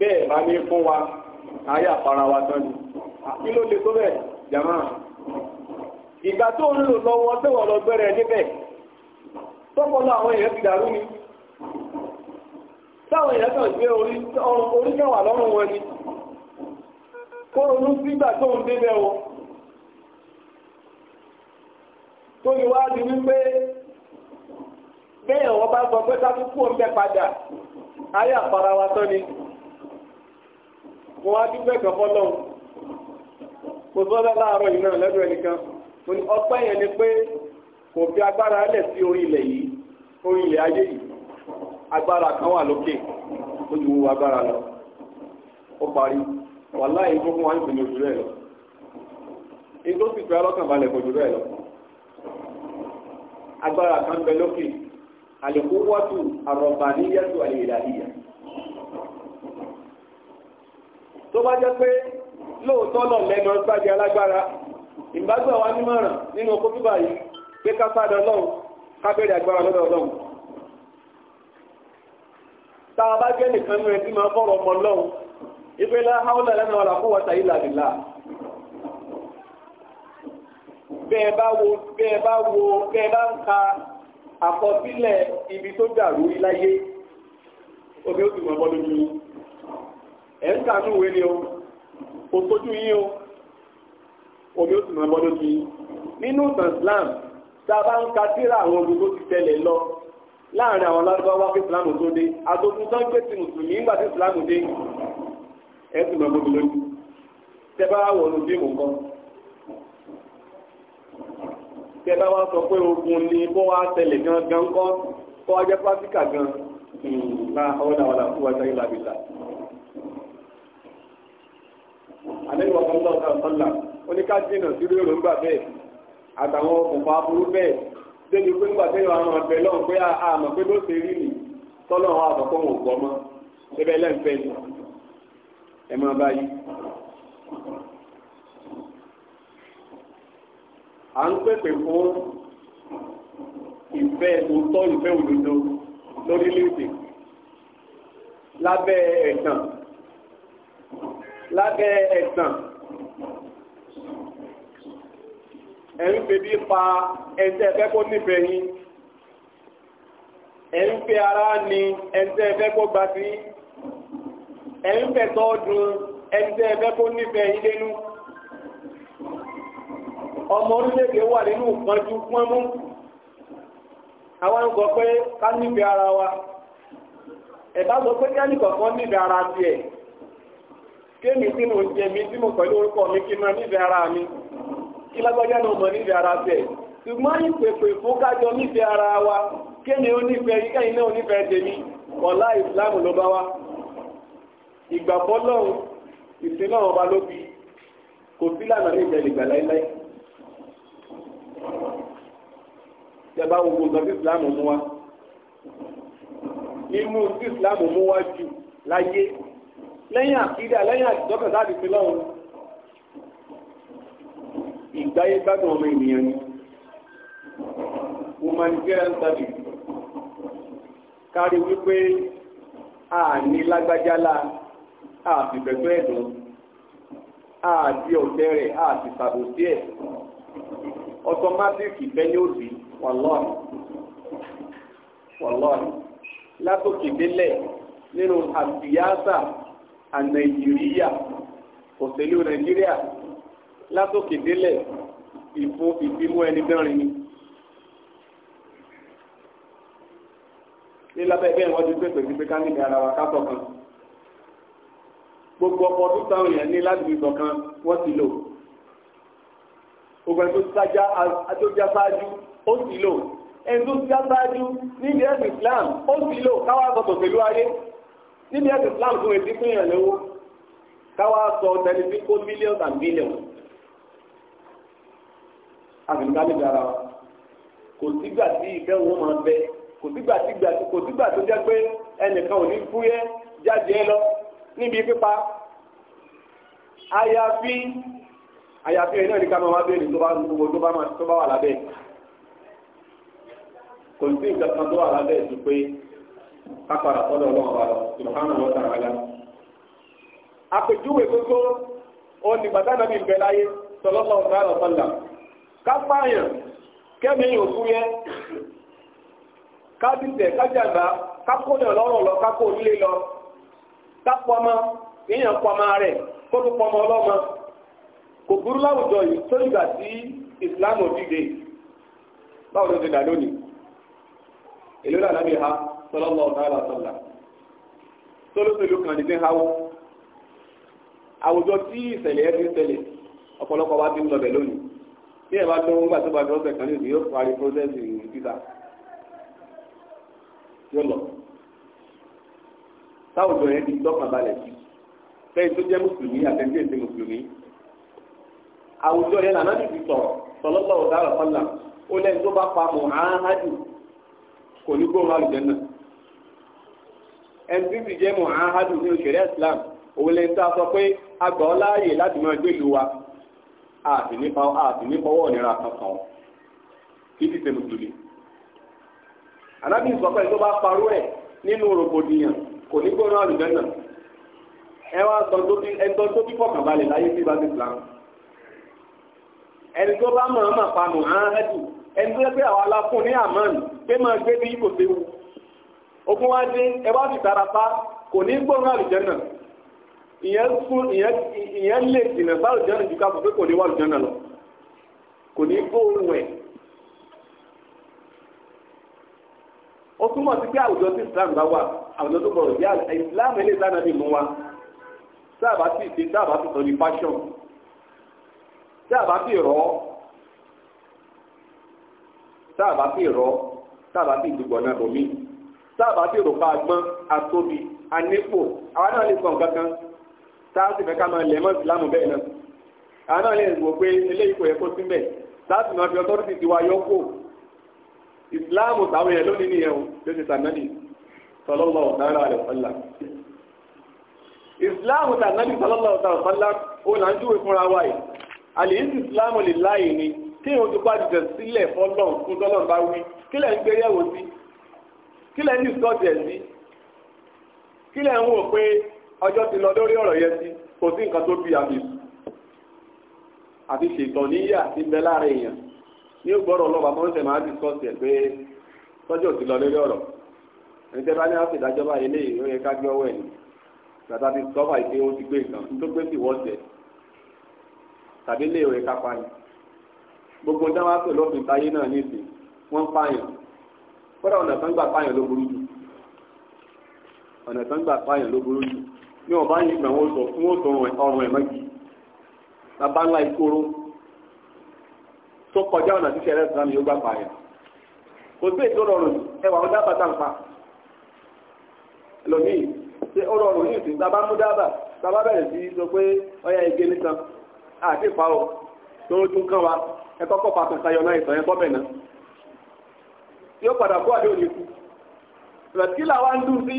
bẹ́ẹ̀ bá ní fún wa ayé àpara wa tán ni kí ló lè tó bẹ́ẹ̀ jàmá ìgbà tó ń lò lọ́wọ́ tó wọ̀ lọ gbẹ́rẹ̀ níbẹ̀ tọ́pọ̀ lọ àwọn èèyàn táwọn èèyàn náà gbé orí lọ́rùn wọn ni kó ronú sígbà tó ń débẹ̀ wọn tó di wípé bẹ́ẹ̀ wọ́n bá sọ pé padà ayé wa ni wọ́n wá dúpẹ́ kan fọ́lọ́hún sọ lọ náà lẹ́nu ẹnìkan ọpẹ́ yẹn agbára kan wà lókè tó ju wo agbára lọ ó parí wàláhì tó fún wa ń sinmi òjò lọ èyí sì fẹ́ ọlọ́kàn balẹ̀ kò lọ agbára kan bẹ lókè àlèkúwọ́tù àrọ̀bàníyàtù àlèyàdàlíyà tó bá jẹ́ pé lóòótọ́ lọ lẹ́nu ọ̀sájẹ́ alágbára ìbágbà wa nímọ̀ràn nínú yìí pé ká sáré ọlọ́run ká bẹ̀rẹ̀ agbára lọ́dọ̀ tá a bá jẹ́ nìkan mú ẹtí máa fọ̀rọ̀ ọmọ lọ́hùn ìpè la haúlà lẹ́nu ọ̀là kó wọ́ta ìlà bìlà bẹ́ẹ̀ bá wo bẹ́ẹ̀ bá wo bẹ́ẹ̀ bá ń ka àkọsílẹ̀ ibi tó dàrú iláyé omi ó sì mọ̀ bọ́lú ju ẹ̀ ń kàánú ìwé ni o kò tójú yín o omi ó sì a bá ń ka síra àwọn ogun tó láàrin àwọn lárúbáwá pé ìsìlámù tó dé àtòkùn tán gbé ti mùsùlùmí ńgbà tí ìsìlámù dé ẹ̀sùn mọ̀ gbogbo lójú tẹ́bá wọ̀ ní bí mò ń kọ́ tẹ́bá wá sọ pé ogun ni bó wá tẹ̀lẹ̀ gan gan kọ́ kọ́ ajẹ́ pásíkà gan hmm, la ọ̀dà ọ̀dà fún wa sáyé làbìlà. àlejò ọ̀kan lọ́ọ̀kan sọ́là oníkájínà sí lóòrò ńgbà bẹ́ẹ̀ àtàwọn okùnfà burú bẹ́ẹ̀ débi pé nígbà tẹ́yọ̀ àwọn ọ̀bẹ lọ́hùn pé àmọ̀ pé bó ṣe rí nì tọ́lọ̀ àwọn àbọ̀kọ́ wọn ò gbọ́ mọ́ ẹbẹ̀ lẹ́ǹfẹ́ ni ẹ máa báyìí. à ń pèpè fún ìfẹ́ òótọ́ ìfẹ́ òdodo lórílẹ̀-èdè lábẹ́ ẹ̀tàn lábẹ́ ẹ̀tàn ẹ̀ ń pa ẹ̀ńtẹ́ ẹ̀fẹ́ kó nífẹ̀ẹ́ yín ẹ̀ ara ni ẹ̀ńtẹ́ ẹ̀fẹ́ kó gba sí ẹ̀ ẹ̀fẹ́ kó ọmọ orílẹ̀-èdè wà nínú ìpọ́njú pọ́nmú àwọn pé ká ara wa ẹ̀bá sọ pé kí ara ti e, mi ara mi. kí lágbájá náà mọ̀ nífẹ̀ẹ́ ara bẹ̀ ṣùgbọ́n ìpèpè fún kájọ nífẹ̀ẹ́ ara wa kéèyàn ó nífẹ̀ẹ́ yìí kẹ́yìn náà ó nífẹ̀ẹ́ tèmi ọ̀la ìsìláàmù ló bá wa ìgbàgbọ́ lọ́hùn ìsìn náà ọba ló bi kò sí lànà ní ìtẹ̀lẹ̀ ìgbà láíláí tẹ́bá gbogbo nǹkan tí ìsìláàmù mú wa nínú tí ìsìláàmù mú wa jù láyé lẹ́yìn àkídà lẹ́yìn àtìjọ́kàn sáà ìgbáyé gbádùn ọmọ ènìyàn ni humanitarian service kárí wípé a ní lágbájálá a sì bẹ̀tọ́ ẹ̀dùn a di ọ̀tẹ́ rẹ̀ a sì sàbòsí ẹ̀ automatic ìfẹ́ ní òsì wàlọ́ọ̀nù wàlọ́ọ̀nù látòkè délẹ̀ nínú àbíyáṣà ànàìjíríà òṣèlú nàìjíríà látòkè délẹ̀ ìfò ìfimú ẹni dánrin ni. ní lábẹ́ bẹ́ẹ̀ wọ́n ti pèsè sí pé ká níbi ara wa kátọ̀ kan gbogbo ọkọ̀ tó táwọn èèyàn ní láti ìtọ̀ kan wọ́n ti lò gbogbo ẹni tó sájá àtọ́já sáájú ó ti lò ẹni tó sájá sáájú níbi ẹ̀sìn Islam ó ti lò káwá sọ̀tọ̀ pẹ̀lú ayé níbi ẹ̀sìn Islam fún etí fún èèyàn káwá sọ tẹlifí mílíọ̀nù àti mílíọ̀nù àgbẹ̀dálẹ̀ dára wa kò sígbà tí ìfẹ́ wọn máa bẹ kò sígbà tí kò sígbà tó jẹ́ pé ẹnìkan ò ní fúyẹ́ jáde ẹ lọ níbi pípa àyàfi àyàfi ẹ̀ náà ní ká máa wá béèrè tó bá gbogbo tó bá tó bá wà lábẹ́ kò sí nǹkan kan tó wà lábẹ́ ju pé ká padà sọ́dọ̀ ọlọ́run wa lọ ìlọ́kànnà wọn tàn án àpèjúwe gbogbo ó ní bàtà náà bí ìbẹ̀ láyé sallallahu alaihi wasallam kápáyàn kẹ́mìí òkú yẹn kábìtẹ̀ kájàgbá kákóyàn lọ́rọ̀ lọ kákó lọ kápọ́mọ́ èèyàn pọ́mọ́ rẹ̀ kó tó pọ́mọ́ ọlọ́mọ kò burú láwùjọ yìí tó ìgbà tí ìsìláàmù òdìdè báwo ló ti dà lónìí èló là lábẹ́ ha sọlọ́lọ́ kan ní háwó àwùjọ tí ìṣẹ̀lẹ̀ ti ń ọ̀pọ̀lọpọ̀ ti ń lọ bẹ̀ tí ẹ bá lọ́wọ́ ńgbà tó bá lọ́wọ́ bẹ̀ kan lè ní yóò parí prọ́sẹ̀sì títà yóò lọ. táwùjọ yẹn ti tọ́kàn balẹ̀ sí fẹ́ẹ́ tó jẹ́ mùsùlùmí àtẹ̀jẹ́ ìṣe mùsùlùmí. àwùjọ yẹn lànà nìbí sọ̀rọ̀ sọlọ́gbà ọ̀daràn fọlá ó lẹ́yìn tó bá pa mọ̀ áhádù kò ní gbóhùn àlùjẹ́ náà. ẹnití ti jẹ́ mọ̀ áhádù ní òṣèré Islam òun lẹ́yìn tó a sọ pé agbọ̀ láàyè láti máa gbé ìlú wa àti nífọwọ́ ìnira kankan títí tẹ mùsùlùmí. anábì sọ pé tó bá parú ẹ̀ nínú rògbòdìyàn kò ní gbóná àlùjẹ́nà ẹ wá sọ ẹ̀tọ́ tó bí fọkànbalẹ̀ láyé sí ìbáṣe Islam ẹni tó bá mọ̀ ọ́n mà pa mọ̀ án ẹ̀dùn ẹni tó yẹ pé àwọn aláfún ní àmọ́n pé máa gbé bí kò séwu ogun wá dé ẹ wá sì tara pa kò ní gbóná àlùjẹ́nà ìyẹn lè jìnà sáàrù jẹ́nà jù káàkùn pé kò ní wà lù jẹ́nà lọ kò ní bóòrùn ẹ̀ ó túmọ̀ sí pé àwùjọ tí Islam bá wà àwùjọ tó bọ̀rọ̀ yá Islam ilé ìdáná bí mú wa sáàbà sì ṣe sáàbà sì sọ ní fashion sáàbà sì rọ́ sáàbà sì rọ́ sáàbà sì dùgbọ̀ náà bòmí sáàbà sì rò pa agbọ́n atóbi anépò àwọn náà lè sọ nǹkan kan táàsì fẹ́ ká máa lẹ̀ mọ́ ìsìlámù bẹ́ẹ̀ náà àwọn náà lè wò pé eléyìí kò yẹ kó sí mbẹ̀ láti máa fi ọtọ́rìtì ti wa yọkó ìsìlámù táwọn yẹn lónìí nìyẹn o ló ti sànádì sọlọ́lọ́ ọ̀tàrà rẹ̀ fọlá ìsìlámù sànádì sọlọ́lọ́ ọ̀tàrà fọlá ó là ń júwe fúnra wa yìí àlèyésí ìsìlámù lè láàyè ni kí èèyàn tó bá jẹ sílẹ̀ fọlọ́n fún tọ́lọ́n bá wí kí lẹ́ ń gbé yẹ̀wò sí kí ọjọ́ ti lọ lórí ọ̀rọ̀ yẹn sí kò sí nǹkan tó bí àmì àti ṣètò níyà ti bẹ láàrin èèyàn ní ó gbọ́rọ̀ ọlọ́ba mọ́ ṣe máa discuss ẹ̀ pé tọ́jú ti lọ lórí ọ̀rọ̀ ẹni tẹ́ bá ní àti ìdájọ́ bá ilé ìwé yẹn ká gbé ọwọ́ ẹ̀ ní gbàtà ti sọ́fà ìpé ó ti gbé nǹkan tó gbé sí wọ́ọ̀tẹ̀ tàbí ilé ìwé ká pa ni gbogbo ń dáwà pẹ̀lú òfin táyé náà ní wọ́n ń pààyàn kódà ọ̀nà kan gbà pààyàn ló burú jù ọ̀nà kan gbà pààyàn ló burú jù ní ọba yìí gbà wọ́n sọ fún òtò ọrùn ẹ̀ mọ́gì bàbá ńlá ìkóró tó kọjá ọ̀nà tí sẹ́rẹ́ sàmì yóò gbà pààyà kò sí ètò ọrùn ẹwà ọdá bàtà ń pa lónìí ṣe ọrọ̀ ọrùn yìí sí bàbá mú dábà bàbá bẹ̀rẹ̀ sí sọ pé ọyá ege nìkan àti ìpa o tó tún kàn wá ẹ kọ́kọ́ pa kankan yọ náà ìtàn náà yóò padà kó àdéhùn yìí kú làwọn ń dùn sí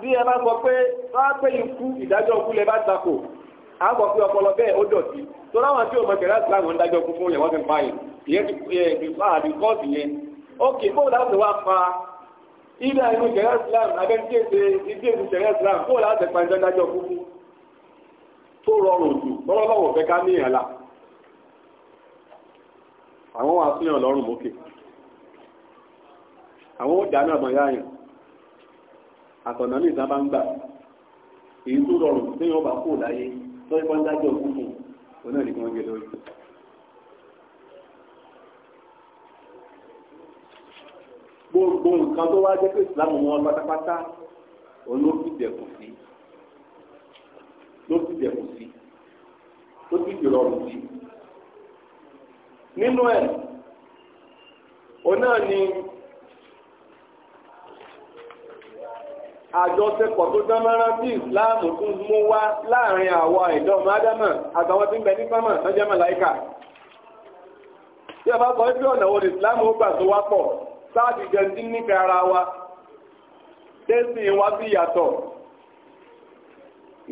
bí ẹ bá sọ pé wọ́n á pé ikú ìdájọ́ ikú lẹ bá takò á gbọ́ pé ọpọlọ bẹ́ẹ̀ ó dọ̀tí tó láwọn tí òmò kẹrẹ àtìláàmù ń dájọ́ ikú fún yẹn wọ́n ti ń pa yìí ìyẹn ti fa àdìkọ́ọ̀sì yẹn ókè fóònù láti wá pa ilé inú kẹrẹ àtìláàmù abẹ́ńtí èsè ìdí èsè kẹrẹ àtìláàmù fóònù láti pa ìjọ dájọ́ ikú fún tó rọrùn jù lọ́wọ́lọ́wọ́ fẹ́ ká ní ìhànlá àwọn wà fihàn lọ́rùn mókè àwọn ó dáná àmọ́ yáyàn àtọ̀nà ní ìta bá ń gbà èyí tó rọrùn téèyàn bá kó láyé lọ́yẹ́ bá ń dájọ́ òkúkú òun náà ní kí wọ́n gé lórí. gbogbo nǹkan tó wá jẹ́ pé ìsìlámù wọn pátápátá òun sí ló fi dẹ̀kùn sí sí. nínú ẹ̀ òun náà ni. àjọṣepọ̀ tó dánmọ́rán tí ìsìláàmù tún mú wá láàrin àwọn ẹ̀dọ́ mádámà àtàwọn tí ń bẹ ní sámà tó jẹ́ màláìkà tí a bá sọ pé ọ̀nà wo ìsìláàmù gbà tó wá pọ̀ sáàdì jẹ tí níkà ara wa tẹ́sí wa sí yàtọ̀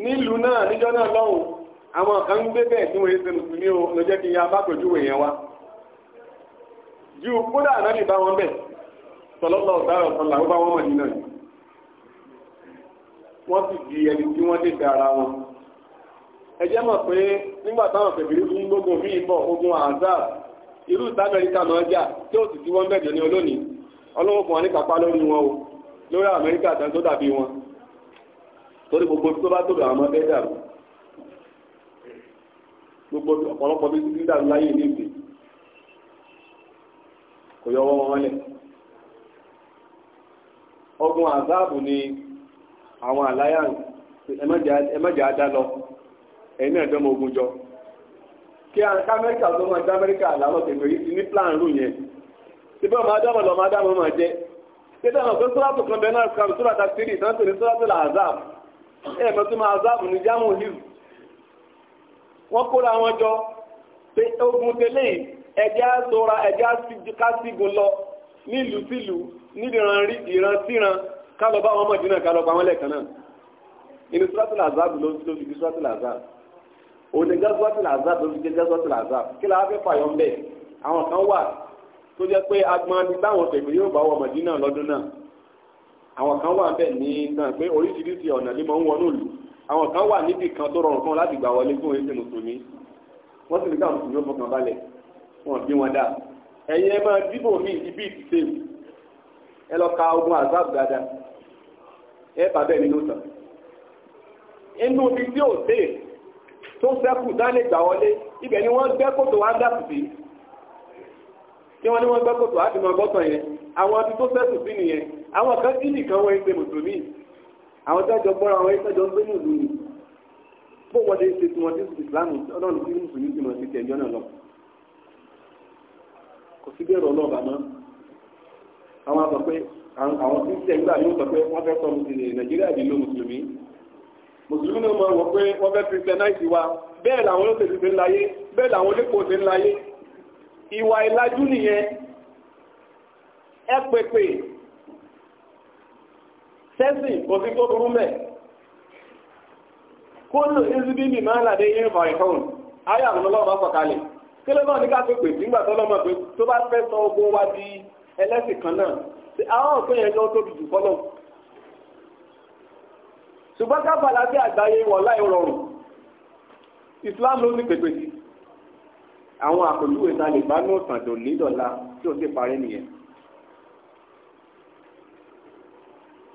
nílùú náà níjọ́ náà lọ́hùn àwọn kan ń gbé bẹ́ẹ̀ tí wọ́n ṣe mùsùlùmí o ló jẹ́ kí n ya bá pẹ̀jú èèyàn wa ju kódà náà lè bá wọn bẹ̀ sọlọ́lọ́ ọ̀dà ọ̀sán làwọn bá nínú wọ́n sì di ẹni tí wọ́n dèbè ara wọn. ẹ jẹ́ mọ̀ pé nígbà táwọn fèbèrè fún gbogbo mí bọ̀ ogun azab irú ìta amẹ́ríkà máa jà tí ó sì ti wọ́n bẹ̀jẹ̀ ní olónìí ọlọ́wọ́ fún wọn ní kápá lórí wọn o lórí amẹ́ríkà àtàn tó dàbí wọn torí gbogbo tó bá tó àwọn ọmọdé dàrú gbogbo ọ̀pọ̀lọpọ̀ bí títí dàrú láyé ní ìgbè kò yọ ọwọ́ wọn lẹ̀ ọgbọ́n àzáàbù ni àwọn alliance ẹ mọ̀jà á dá lọ ẹ̀yin náà dánmọ̀ ogun jọ kí amẹ́ríkà tó máa dá amẹ́ríkà làwọn tẹ̀gbẹ̀ yìí ti ní plan rú yẹn síbẹ̀ ọmọ adámọ̀ lọ́mọ adámọ̀ máa jẹ́ síbẹ̀ ọmọ tó sọ́làtò kan bẹ́ẹ̀ náà kàrù sọ́làtà sírì náà tó ní sọ́làtò là azab ẹ̀ mọ́ tó máa azab ní jámù hill wọ́n kóra wọn jọ pé ogun tẹ́lẹ̀ ẹ̀jẹ̀ á sora ẹ̀jẹ̀ á sígun lọ nílùú sílùú nídìran síran ká lọ bá wọn Mọdínà ká lọ bá wọn lẹ́ẹ̀kan náà inú suratul azab ló ló fi di suratul azab òní gazwatul azab ló fi di gazwatul azab kí la fẹ́ fàyọ̀ ń bẹ̀ àwọn kan wà tó jẹ́ pé agbọn ti táwọn tẹ̀gbẹ́ yóò bá wọ Mọdínà lọ́dún náà àwọn kan wà bẹ́ẹ̀ ní náà pé oríṣiríṣi ọ̀nà ló máa ń wọnú ìlú àwọn kan wà níbi kan tó rọrùn kan láti gbà wọlé fún èsì mùsùlùmí wọ́n sì ní káwọn ogun azab dáadáa ẹ bà bẹ́ẹ̀ nínú tàn inú ibi tí ò dé tó sẹ́kù dálé gbà wọlé ibẹ̀ ni wọ́n gbẹ́ kòtò wá dàpù sí kí wọ́n ní wọ́n gbẹ́ kòtò àti mọ̀ gbọ́tàn yẹn àwọn ibi tó sẹ́kù sí nìyẹn àwọn kan tí nìkan wọ́n ń ṣe mùsùlùmí àwọn tẹ́jọ gbọ́ra àwọn ìtẹ́jọ ń gbé ní ìlú yìí bó wọ́n lè ṣe tí wọ́n ti sùn ìsìlámù ọlọ́run tí mùsùlùmí ti mọ̀ sí tẹ̀jọ́ náà lọ kò sí bẹ́ẹ̀ rọ̀ ọlọ́ọ̀bà mọ́ àwọn àbọ̀ pé àwọn kristian gbà yóò sọ pé wọ́n fẹ́ sọ mùsùlùmí nàìjíríà di ló mùsùlùmí mùsùlùmí náà mọ̀ wọ́n pé wọ́n fẹ́ christianite wa bẹ́ẹ̀ làwọn olóṣèlú ti ń láyé bẹ́ẹ̀ làwọn onípò ti ń láyé ìwà ìlàjú nìyẹn ẹ pèpè sẹ́sìn òfin tó burú mẹ́ kó lò ẹsibí mi máa ń làdé yẹn fà ìfọ̀hún ayé àwọn ọlọ́run bá fọ̀kalẹ̀ kí ló bá ní ká pèpè nígbà tó lọ́mọ pé tó bá fẹ́ sọ ogun wa di ẹlẹ́sìn kan náà àwọn òpin yẹn lọ tóbi jù fọlọ́ ṣùgbọ́n ká fàlàbí àgbáyé wọ̀ láì rọrùn Islam ló ní pèpè sí àwọn àpèjúwe ta bá ní òsàn dò tí ó sì parí nìyẹn.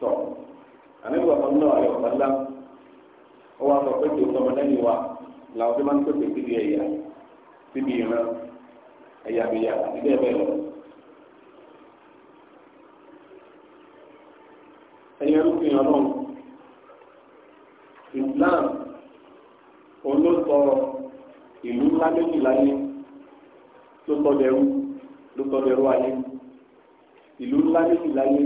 sọ àmì wà náà ayọ̀ ó wá sọ pé kí o sọmọ lẹ́yìn wa làwọn máa ń pèpè ẹ̀yà síbi ìran ẹ̀yà àti bẹ́ẹ̀ bẹ́ẹ̀ lẹ́yìn ọlọ́run Islam olóòtọ́ ìlú ńlá méjì láyé ló sọ dẹrú ló sọ dẹrú ayé ìlú ńlá méjì láyé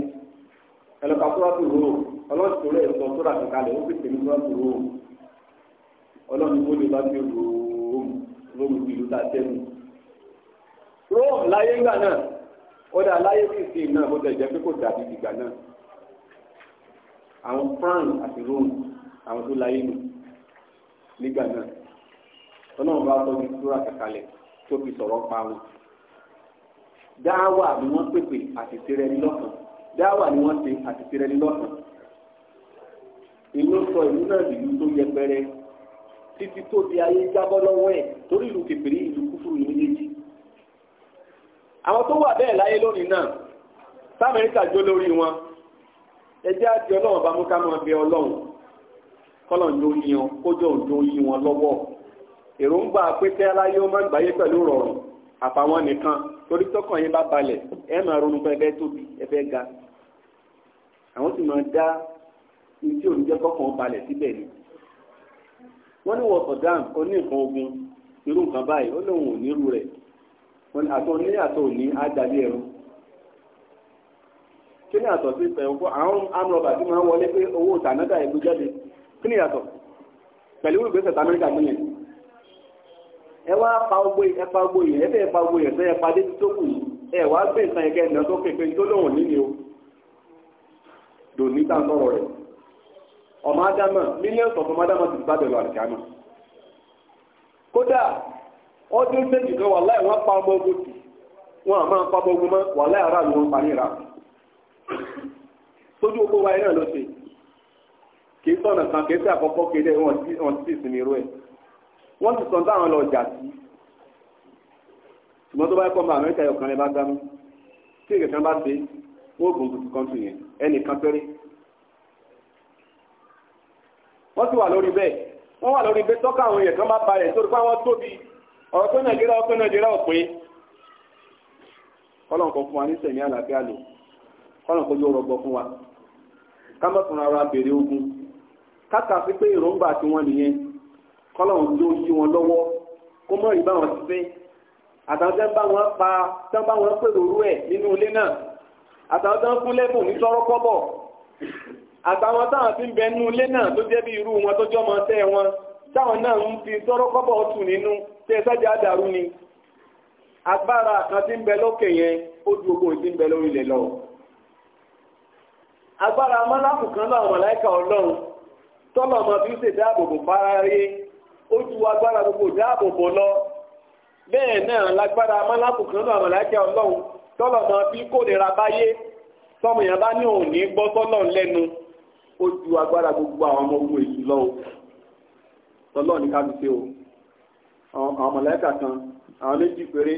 ẹlẹ́ka fúrọ́tù rò ọlọ́run tó rẹ̀ sọ tó rà kankalẹ̀ ó pèsè ní fúrọ́tù rò ọlọ́run tó lè bá fi rò ó lóru ìlú tá a tẹ́nu. Rome láyé ńgbà náà ó dà láyé kìsì náà ó tẹ̀ jẹ́ pé kò dàbí ìgbà náà àwọn France àti Rome àwọn tó láyé nù nígbà náà ọlọ́run bá tọ́jú súrà kàkálẹ̀ tó fi sọ̀rọ̀ pa wọn. dáwà ni wọ́n pèpè àti tẹ̀rẹ̀ ní lọ́kàn dáwà ni wọ́n ṣe àti tẹ̀rẹ̀ ní lọ́kàn. ìlú sọ ìlú náà dìlú tó yẹpẹrẹ títí tó di ayé jábọ́ lọ́wọ́ ẹ̀ torí ìlú kẹfìrí ìlú kúfúrú ní méjèèjì. àwọn tó wà bẹ́ẹ̀ láyé lónìí náà sáà Amẹ́ríkà jó lórí wọn ẹjẹ́ àti ọlọ́run bá mú ká máa bẹ ọlọ́run kọ́lọ̀n ló yí wọn kójọ òjò yí wọn lọ́wọ́ èròǹgbà pété aláyé ó máa rọrùn àfàwọn nìkan torí tọkàn yín bá balẹ̀ ẹ máa ronú tóbi ẹbẹ ga àwọn sì máa dá òun jẹ́ kọ́kàn balẹ̀ síbẹ̀ ni wọ́n ní ogun irú nǹkan báyìí ó lóun ò nírú rẹ̀ àtọ̀ ní àtọ̀ kí ni àtọ̀ sí ìfẹ́ owó àwọn amúrọ̀bà tí máa wọlé pé owó tànádà ìlú jáde kí ni yàtọ̀ pẹ̀lú ìgbésẹ̀ tamẹ́ríkà mú ẹ wá pa ogbó ẹ pa ogbó yẹn ẹ pa ogbó yẹn sẹ́yẹ padé tó kù ẹ wá gbé tó o dòní tá ń sọ̀rọ̀ ọmọ adama mílíọ̀nù ọmọ adama ti bá bẹ̀rù kódà ọdún méjì kan wà láì wọ́n pa ọmọ ogun tì wọ́n àmọ́ pa ọmọ sójú oko wa iná ló ṣe kì í sọ̀nà kan kì í sí àkọ́kọ́ kéde wọn ti wọn ti sinmi irú ẹ̀ wọ́n ti sọ̀n táwọn lọ jà sí ṣùgbọ́n tó bá kọ́ ọmọ amẹ́ríkà yọ̀kan rẹ̀ bá dámú tí èkè kan bá ṣe wọ́n gùn tuntun kan tù yẹn ẹnìkan péré wọ́n ti wà lórí bẹ́ẹ̀ wọ́n wà lórí bẹ́ẹ̀ tọ́ka àwọn èèyàn kan bá balẹ̀ sórí pé àwọn tóbi ọ̀rọ̀ pé nàìjíríà ọ̀pẹ nàìjíríà ọ̀pẹ ọlọ́run kan fún wa ní sẹ̀mí àlàáfíà lò ọlọ́run kan yóò rọgbọ fún wa ká má fúnra ara béèrè ogun káka sí pé èròǹgbà tiwọn nìyẹn kọ́lọ́hún ló yí wọn lọ́wọ́ kó mọ̀ rí báwọn ti fẹ́ àtàwọn tẹ́ ń bá wọn pa tẹ́ ń bá wọn pè lóru ẹ̀ nínú ilé náà àtàwọn tẹ́ ń fún lẹ́bùn ní tọ́rọ́ kọ́bọ̀ àtàwọn táwọn ti ń bẹ nínú ilé náà tó jẹ́ bí irú wọn tó jọ́ mọ́ tẹ́ wọn táwọn náà ń fi tọ́rọ́ kọ́bọ̀ tù nínú tẹ́ sọ́jà àdàrú ni agbára kan ti ń bẹ lókè yẹn ó ju gbogbo ìdí bẹ lórí ilẹ̀ lọ agbára mọ́láàkù kan náà mọ̀láìkà ọlọ́run tọ́lọ̀ ọmọ bí ó ṣe dáàbòbò fáráyé ó ju agbára gbogbo dáàbòbò lọ bẹ́ẹ̀ náà lágbára mọ́láàkù kan náà mọ̀láìkà ọlọ́run tọ́lọ̀ ọmọ bí kò nira báyé tọ́mọ yẹn bá ní òun ní gbọ́ tọ́lọ̀ lẹ́nu ó ju agbára gbogbo àwọn ọmọ ogun èṣù lọ tọ́lọ̀ ní kábíyèsí o àwọn mọ̀láìkà kan àwọn méjì péré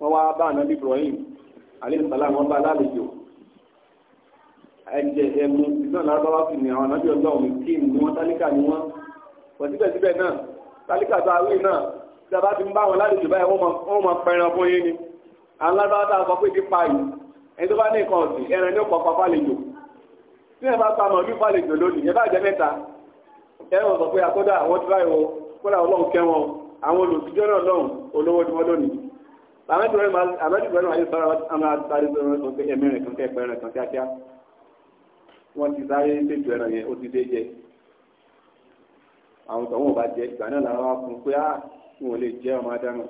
wọ́n wá bá àná Ibrahim alayhi salam ẹ̀jẹ̀ ẹ̀mú ìgbọ́n lárúbáwá sì ní àwọn ànábì ọlọ́run tíìmù ni wọ́n tálíkà ni wọ́n wọ́n síbẹ̀síbẹ̀ náà tálíkà tó àwí náà tí a bá ti ń bá wọn lálejò báyìí wọ́n máa pẹran fún yín ni àwọn lárúbáwá tá a sọ pé ti pa yìí ẹni tó bá ní nǹkan ọ̀sìn ẹran ní ọ̀pọ̀ fàlejò tí ẹ bá pa màálù fàlejò lónìí ẹ bá jẹ mẹ́ta ẹ wọ́n sọ pé àkọ́dà àwọn tíra ìwọ kọ́dà ọlọ́run kẹ́ wọn àwọn olùsíjọ́ náà lọ́hùn olówó ẹ̀mí rẹ̀ kan kẹ́ ẹ̀pẹ́ rẹ̀ kan kíákíá wọ́n ti sáré ṣètò ẹran yẹn ó ti dé jẹ àwọn tọ̀hún ò bá jẹ ìgbà náà làwọn wá fún un pé á ah, wọn ò lè jẹ ọmọ adámọ̀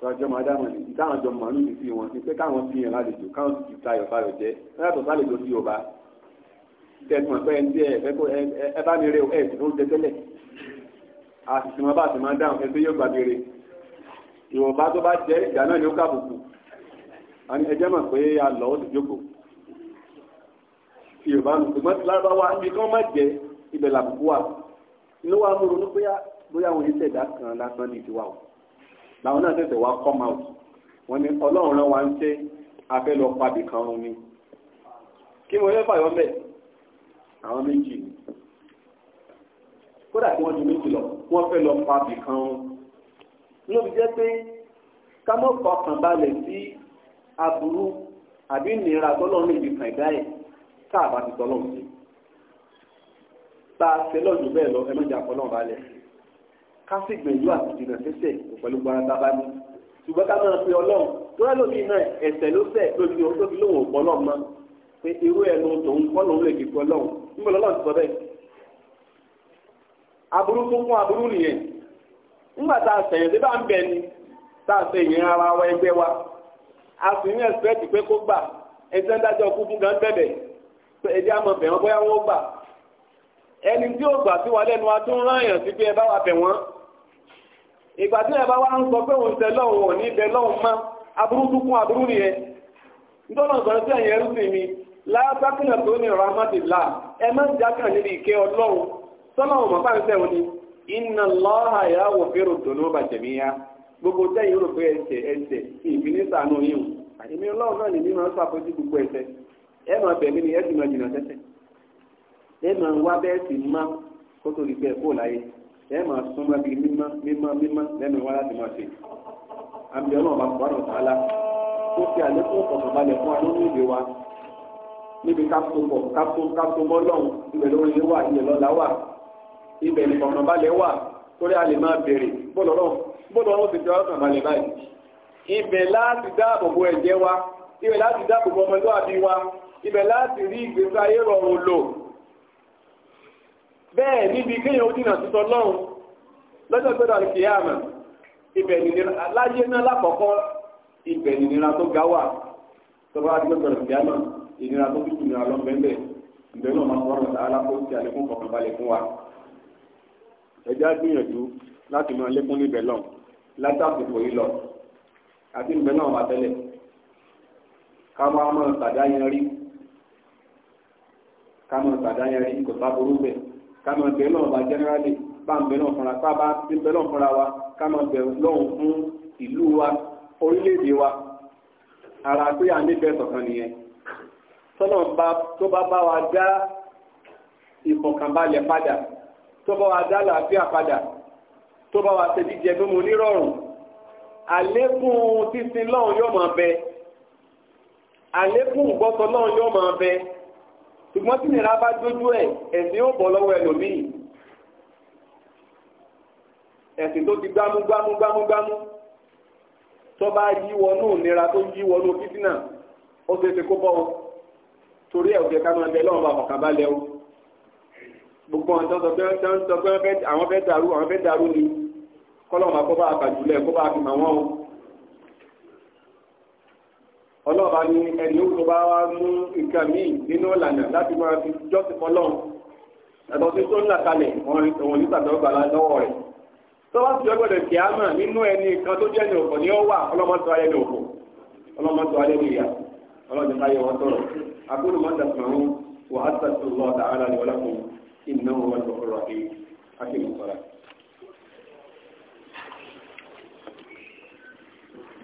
tọ́jọ́ máa dáhùn ní táwọn jọ mọ̀ nínú ìfi wọn ni pé káwọn fi yàn lálejò káwọn sì ti tayọ̀ báyọ̀ jẹ́ yàtọ̀ sálejò sí yorùbá tẹ̀sán pé ẹni tí ẹ fẹ́ kó ẹ bá mi re ẹ sì ló ń tẹ tẹ́lẹ̀ àṣìṣe wọn bá sì máa dáhùn ẹ tó yóò gbà mí re tó bá jẹ́ ìjà náà ni ó kàbùkù ẹjẹ́ mọ̀ pé a lọ ó sì jókòó ti yorùbá nù ṣùgbọ́n ti lárúbáwá ibi kan má jẹ ibẹ̀ làbùkù wà inú wa mú ronú bóyá bóyá àwọn oníṣẹ̀dá kan lásán ní ìdíwà o làwọn náà tẹ̀sẹ̀ wá come out wọn ni ọlọ́run rán wa ń ṣe afẹ́ lọ pàdé kan run ni kí wọn lẹ́fà yọ mẹ́ àwọn méjì ni kódà kí wọ́n ju méjì lọ wọ́n fẹ́ lọ pàdé kan run ní òbí jẹ́ pé ká mọ́ fọkàn balẹ̀ sí aburú àbí ìnira tọ́lọ́run lè fi kàn dá ẹ̀ tá a bá ti tọ́ lọ́hùn sí tá a ṣe lọ́jọ́ bẹ́ẹ̀ lọ ẹlọ́jà kọ́ náà balẹ̀ ká sì gbìyànjú àti jìnnà sẹ́sẹ̀ pẹ̀lú gbọ́dá bá ní ṣùgbọ́n ká máa pe ọlọ́run tó rẹ́ lómi náà ẹ̀sẹ̀ ló sẹ̀ lórí ohun tó fi lóun ò gbọ́lọ́ mọ́ pé irú ẹnu tòun kọ́ lòun lè kíkọ́ lọ́hùn nígbà lọ́lọ́run ti sọ bẹ́ẹ̀ aburú tó kún aburú nìyẹn nígbà tá a sẹ̀yìn tí bá ń bẹ ni tá a sẹ̀yìn ara wa ẹgbẹ́ wa a sì ní ẹ̀sẹ̀ ti pé kó gbà ẹ̀sẹ̀ ń dájọ́ kú gan bẹ̀bẹ̀ tó ẹbí àmọ́ gbaa bóyá wọ́n gbà ẹni tí ó gbà sí wa lẹ́nu wa tó ń rán èèyàn sí pé ẹ bá wa bẹ̀ wọ́n ìgbà tí ẹ bá wá ń sọ pé tẹ ní ibẹ̀ lọ́wọ́ aburú tó kún aburú nítorí ọ̀sán sí ẹrú mi tó ní ọ̀rọ̀ ẹ má jákàn níbi ìkẹ́ ọlọ́run sọ́nà bá ń ni iná lọ́ha bàjẹ́ mi yá gbogbo pé yìí ẹ máa bẹ̀mí ni ẹ sì máa jìnnà tẹ́tẹ́ ẹ máa ń wá bẹ́ẹ̀ sì má kó tó di pé ẹ kó láyé ẹ máa sún mọ́ bíi mímọ́ mímọ́ mímọ́ lẹ́nu wá láti máa ṣe àmì ọlọ́run bá kọ́ ọ̀nà tààlà tó fi àlékún ọ̀kọ̀ọ̀balẹ̀ fún wa lórí ìwé wa níbi kápópọ̀ kápópọ̀ lọ́hùn ibẹ̀ lórí ilé wà ibẹ̀ lọ́la wà ibẹ̀ ìfọ̀kànbalẹ̀ wà torí a lè máa bèrè bọ́lọ̀ ọ̀hún ti jẹ́ ọ̀kànbalẹ̀ báyìí ibẹ̀ láti rí ìgbésí ayé rọrùn lò bẹ́ẹ̀ níbi kéèyàn ó dínà sí tọlọ́run lọ́jọ́ gbọ́dọ̀ ní kìíyàmù ibẹ̀ nìnira láyé náà lákọ̀ọ́kọ́ ibẹ̀ nìnira tó ga wà tọ́ba àdúgbò ní kìíyàmù ìnira tó dúdú nìnira lọ bẹ́ẹ̀ ìbẹ̀ náà máa wọ́n lọ́ta alákó ti àlékún kọ̀ọ̀kan balẹ̀ fún wa ẹja gbìyànjú láti máa lékún níbẹ̀ lọ látàkùkù yìí lọ àti ìbẹ̀ náà ká máa máa tàdá yẹn rí kámọ̀ sàdáyẹrí kò sáburú bẹ̀ kámọ̀ bẹ̀ náà bá jẹ́nẹ́rálì bá ń bẹ̀ náà fúnra tá a bá ń bẹ̀ náà fúnra wa kámọ̀ bẹ̀ lọ́hùn fún ìlú wa orílẹ̀-èdè wa ara pé à ń nífẹ̀ẹ́ sọ̀kan nìyẹn tọ́nà tó bá bá wa dá ìfọ̀kànbalẹ̀ padà tó bá wa dá làáfíà padà tó bá wa ṣe jíjẹ tó mo nírọ̀rùn àlékún sísin lọ́hùn yóò máa bẹ àlékún ìgbọ́sọ lọ́hùn yóò máa bẹ ṣùgbọ́n tí nìyẹn bá dójú ẹ̀ ẹ̀sìn yóò bọ̀ lọ́wọ́ ẹlòmíì ẹ̀sìn tó ti gbámú gbámú gbámú gbámú tó bá yí wọnú ìnira tó yí wọnú fítínà ó ṣe é ṣe kó bọ́ wọn torí ẹ̀ òjẹ́ ká máa bẹ lọ́wọ́ bá ọ̀kà bá lẹ́wọ́ gbogbo àwọn tó ń sọ pé àwọn fẹ́ dàrú àwọn fẹ́ dàrú ni kọ́lọ́mà kó bá àbàjùlẹ̀ kó bá àfihàn wọn o ọlọ́ọ̀bá ní ẹni ó tó bá wá mú nǹkan míì nínú ìlànà láti máa fi jọ́sìn fọlọ́n ẹ̀tọ́ tí tó ń là kalẹ̀ wọ́n ní tàbí ọgbà lọ́wọ́ rẹ̀ tó bá ti ọgbọ̀dọ̀ kí á mọ̀ nínú ẹni kan tó jẹ́ ní òkò ní ó wà ọlọ́mọtò alẹ́ ní òkò ọlọ́mọtò alẹ́ ní ìyá ọlọ́dún káyọ̀ wọn tọrọ akúrò máa dàgbà wọn wà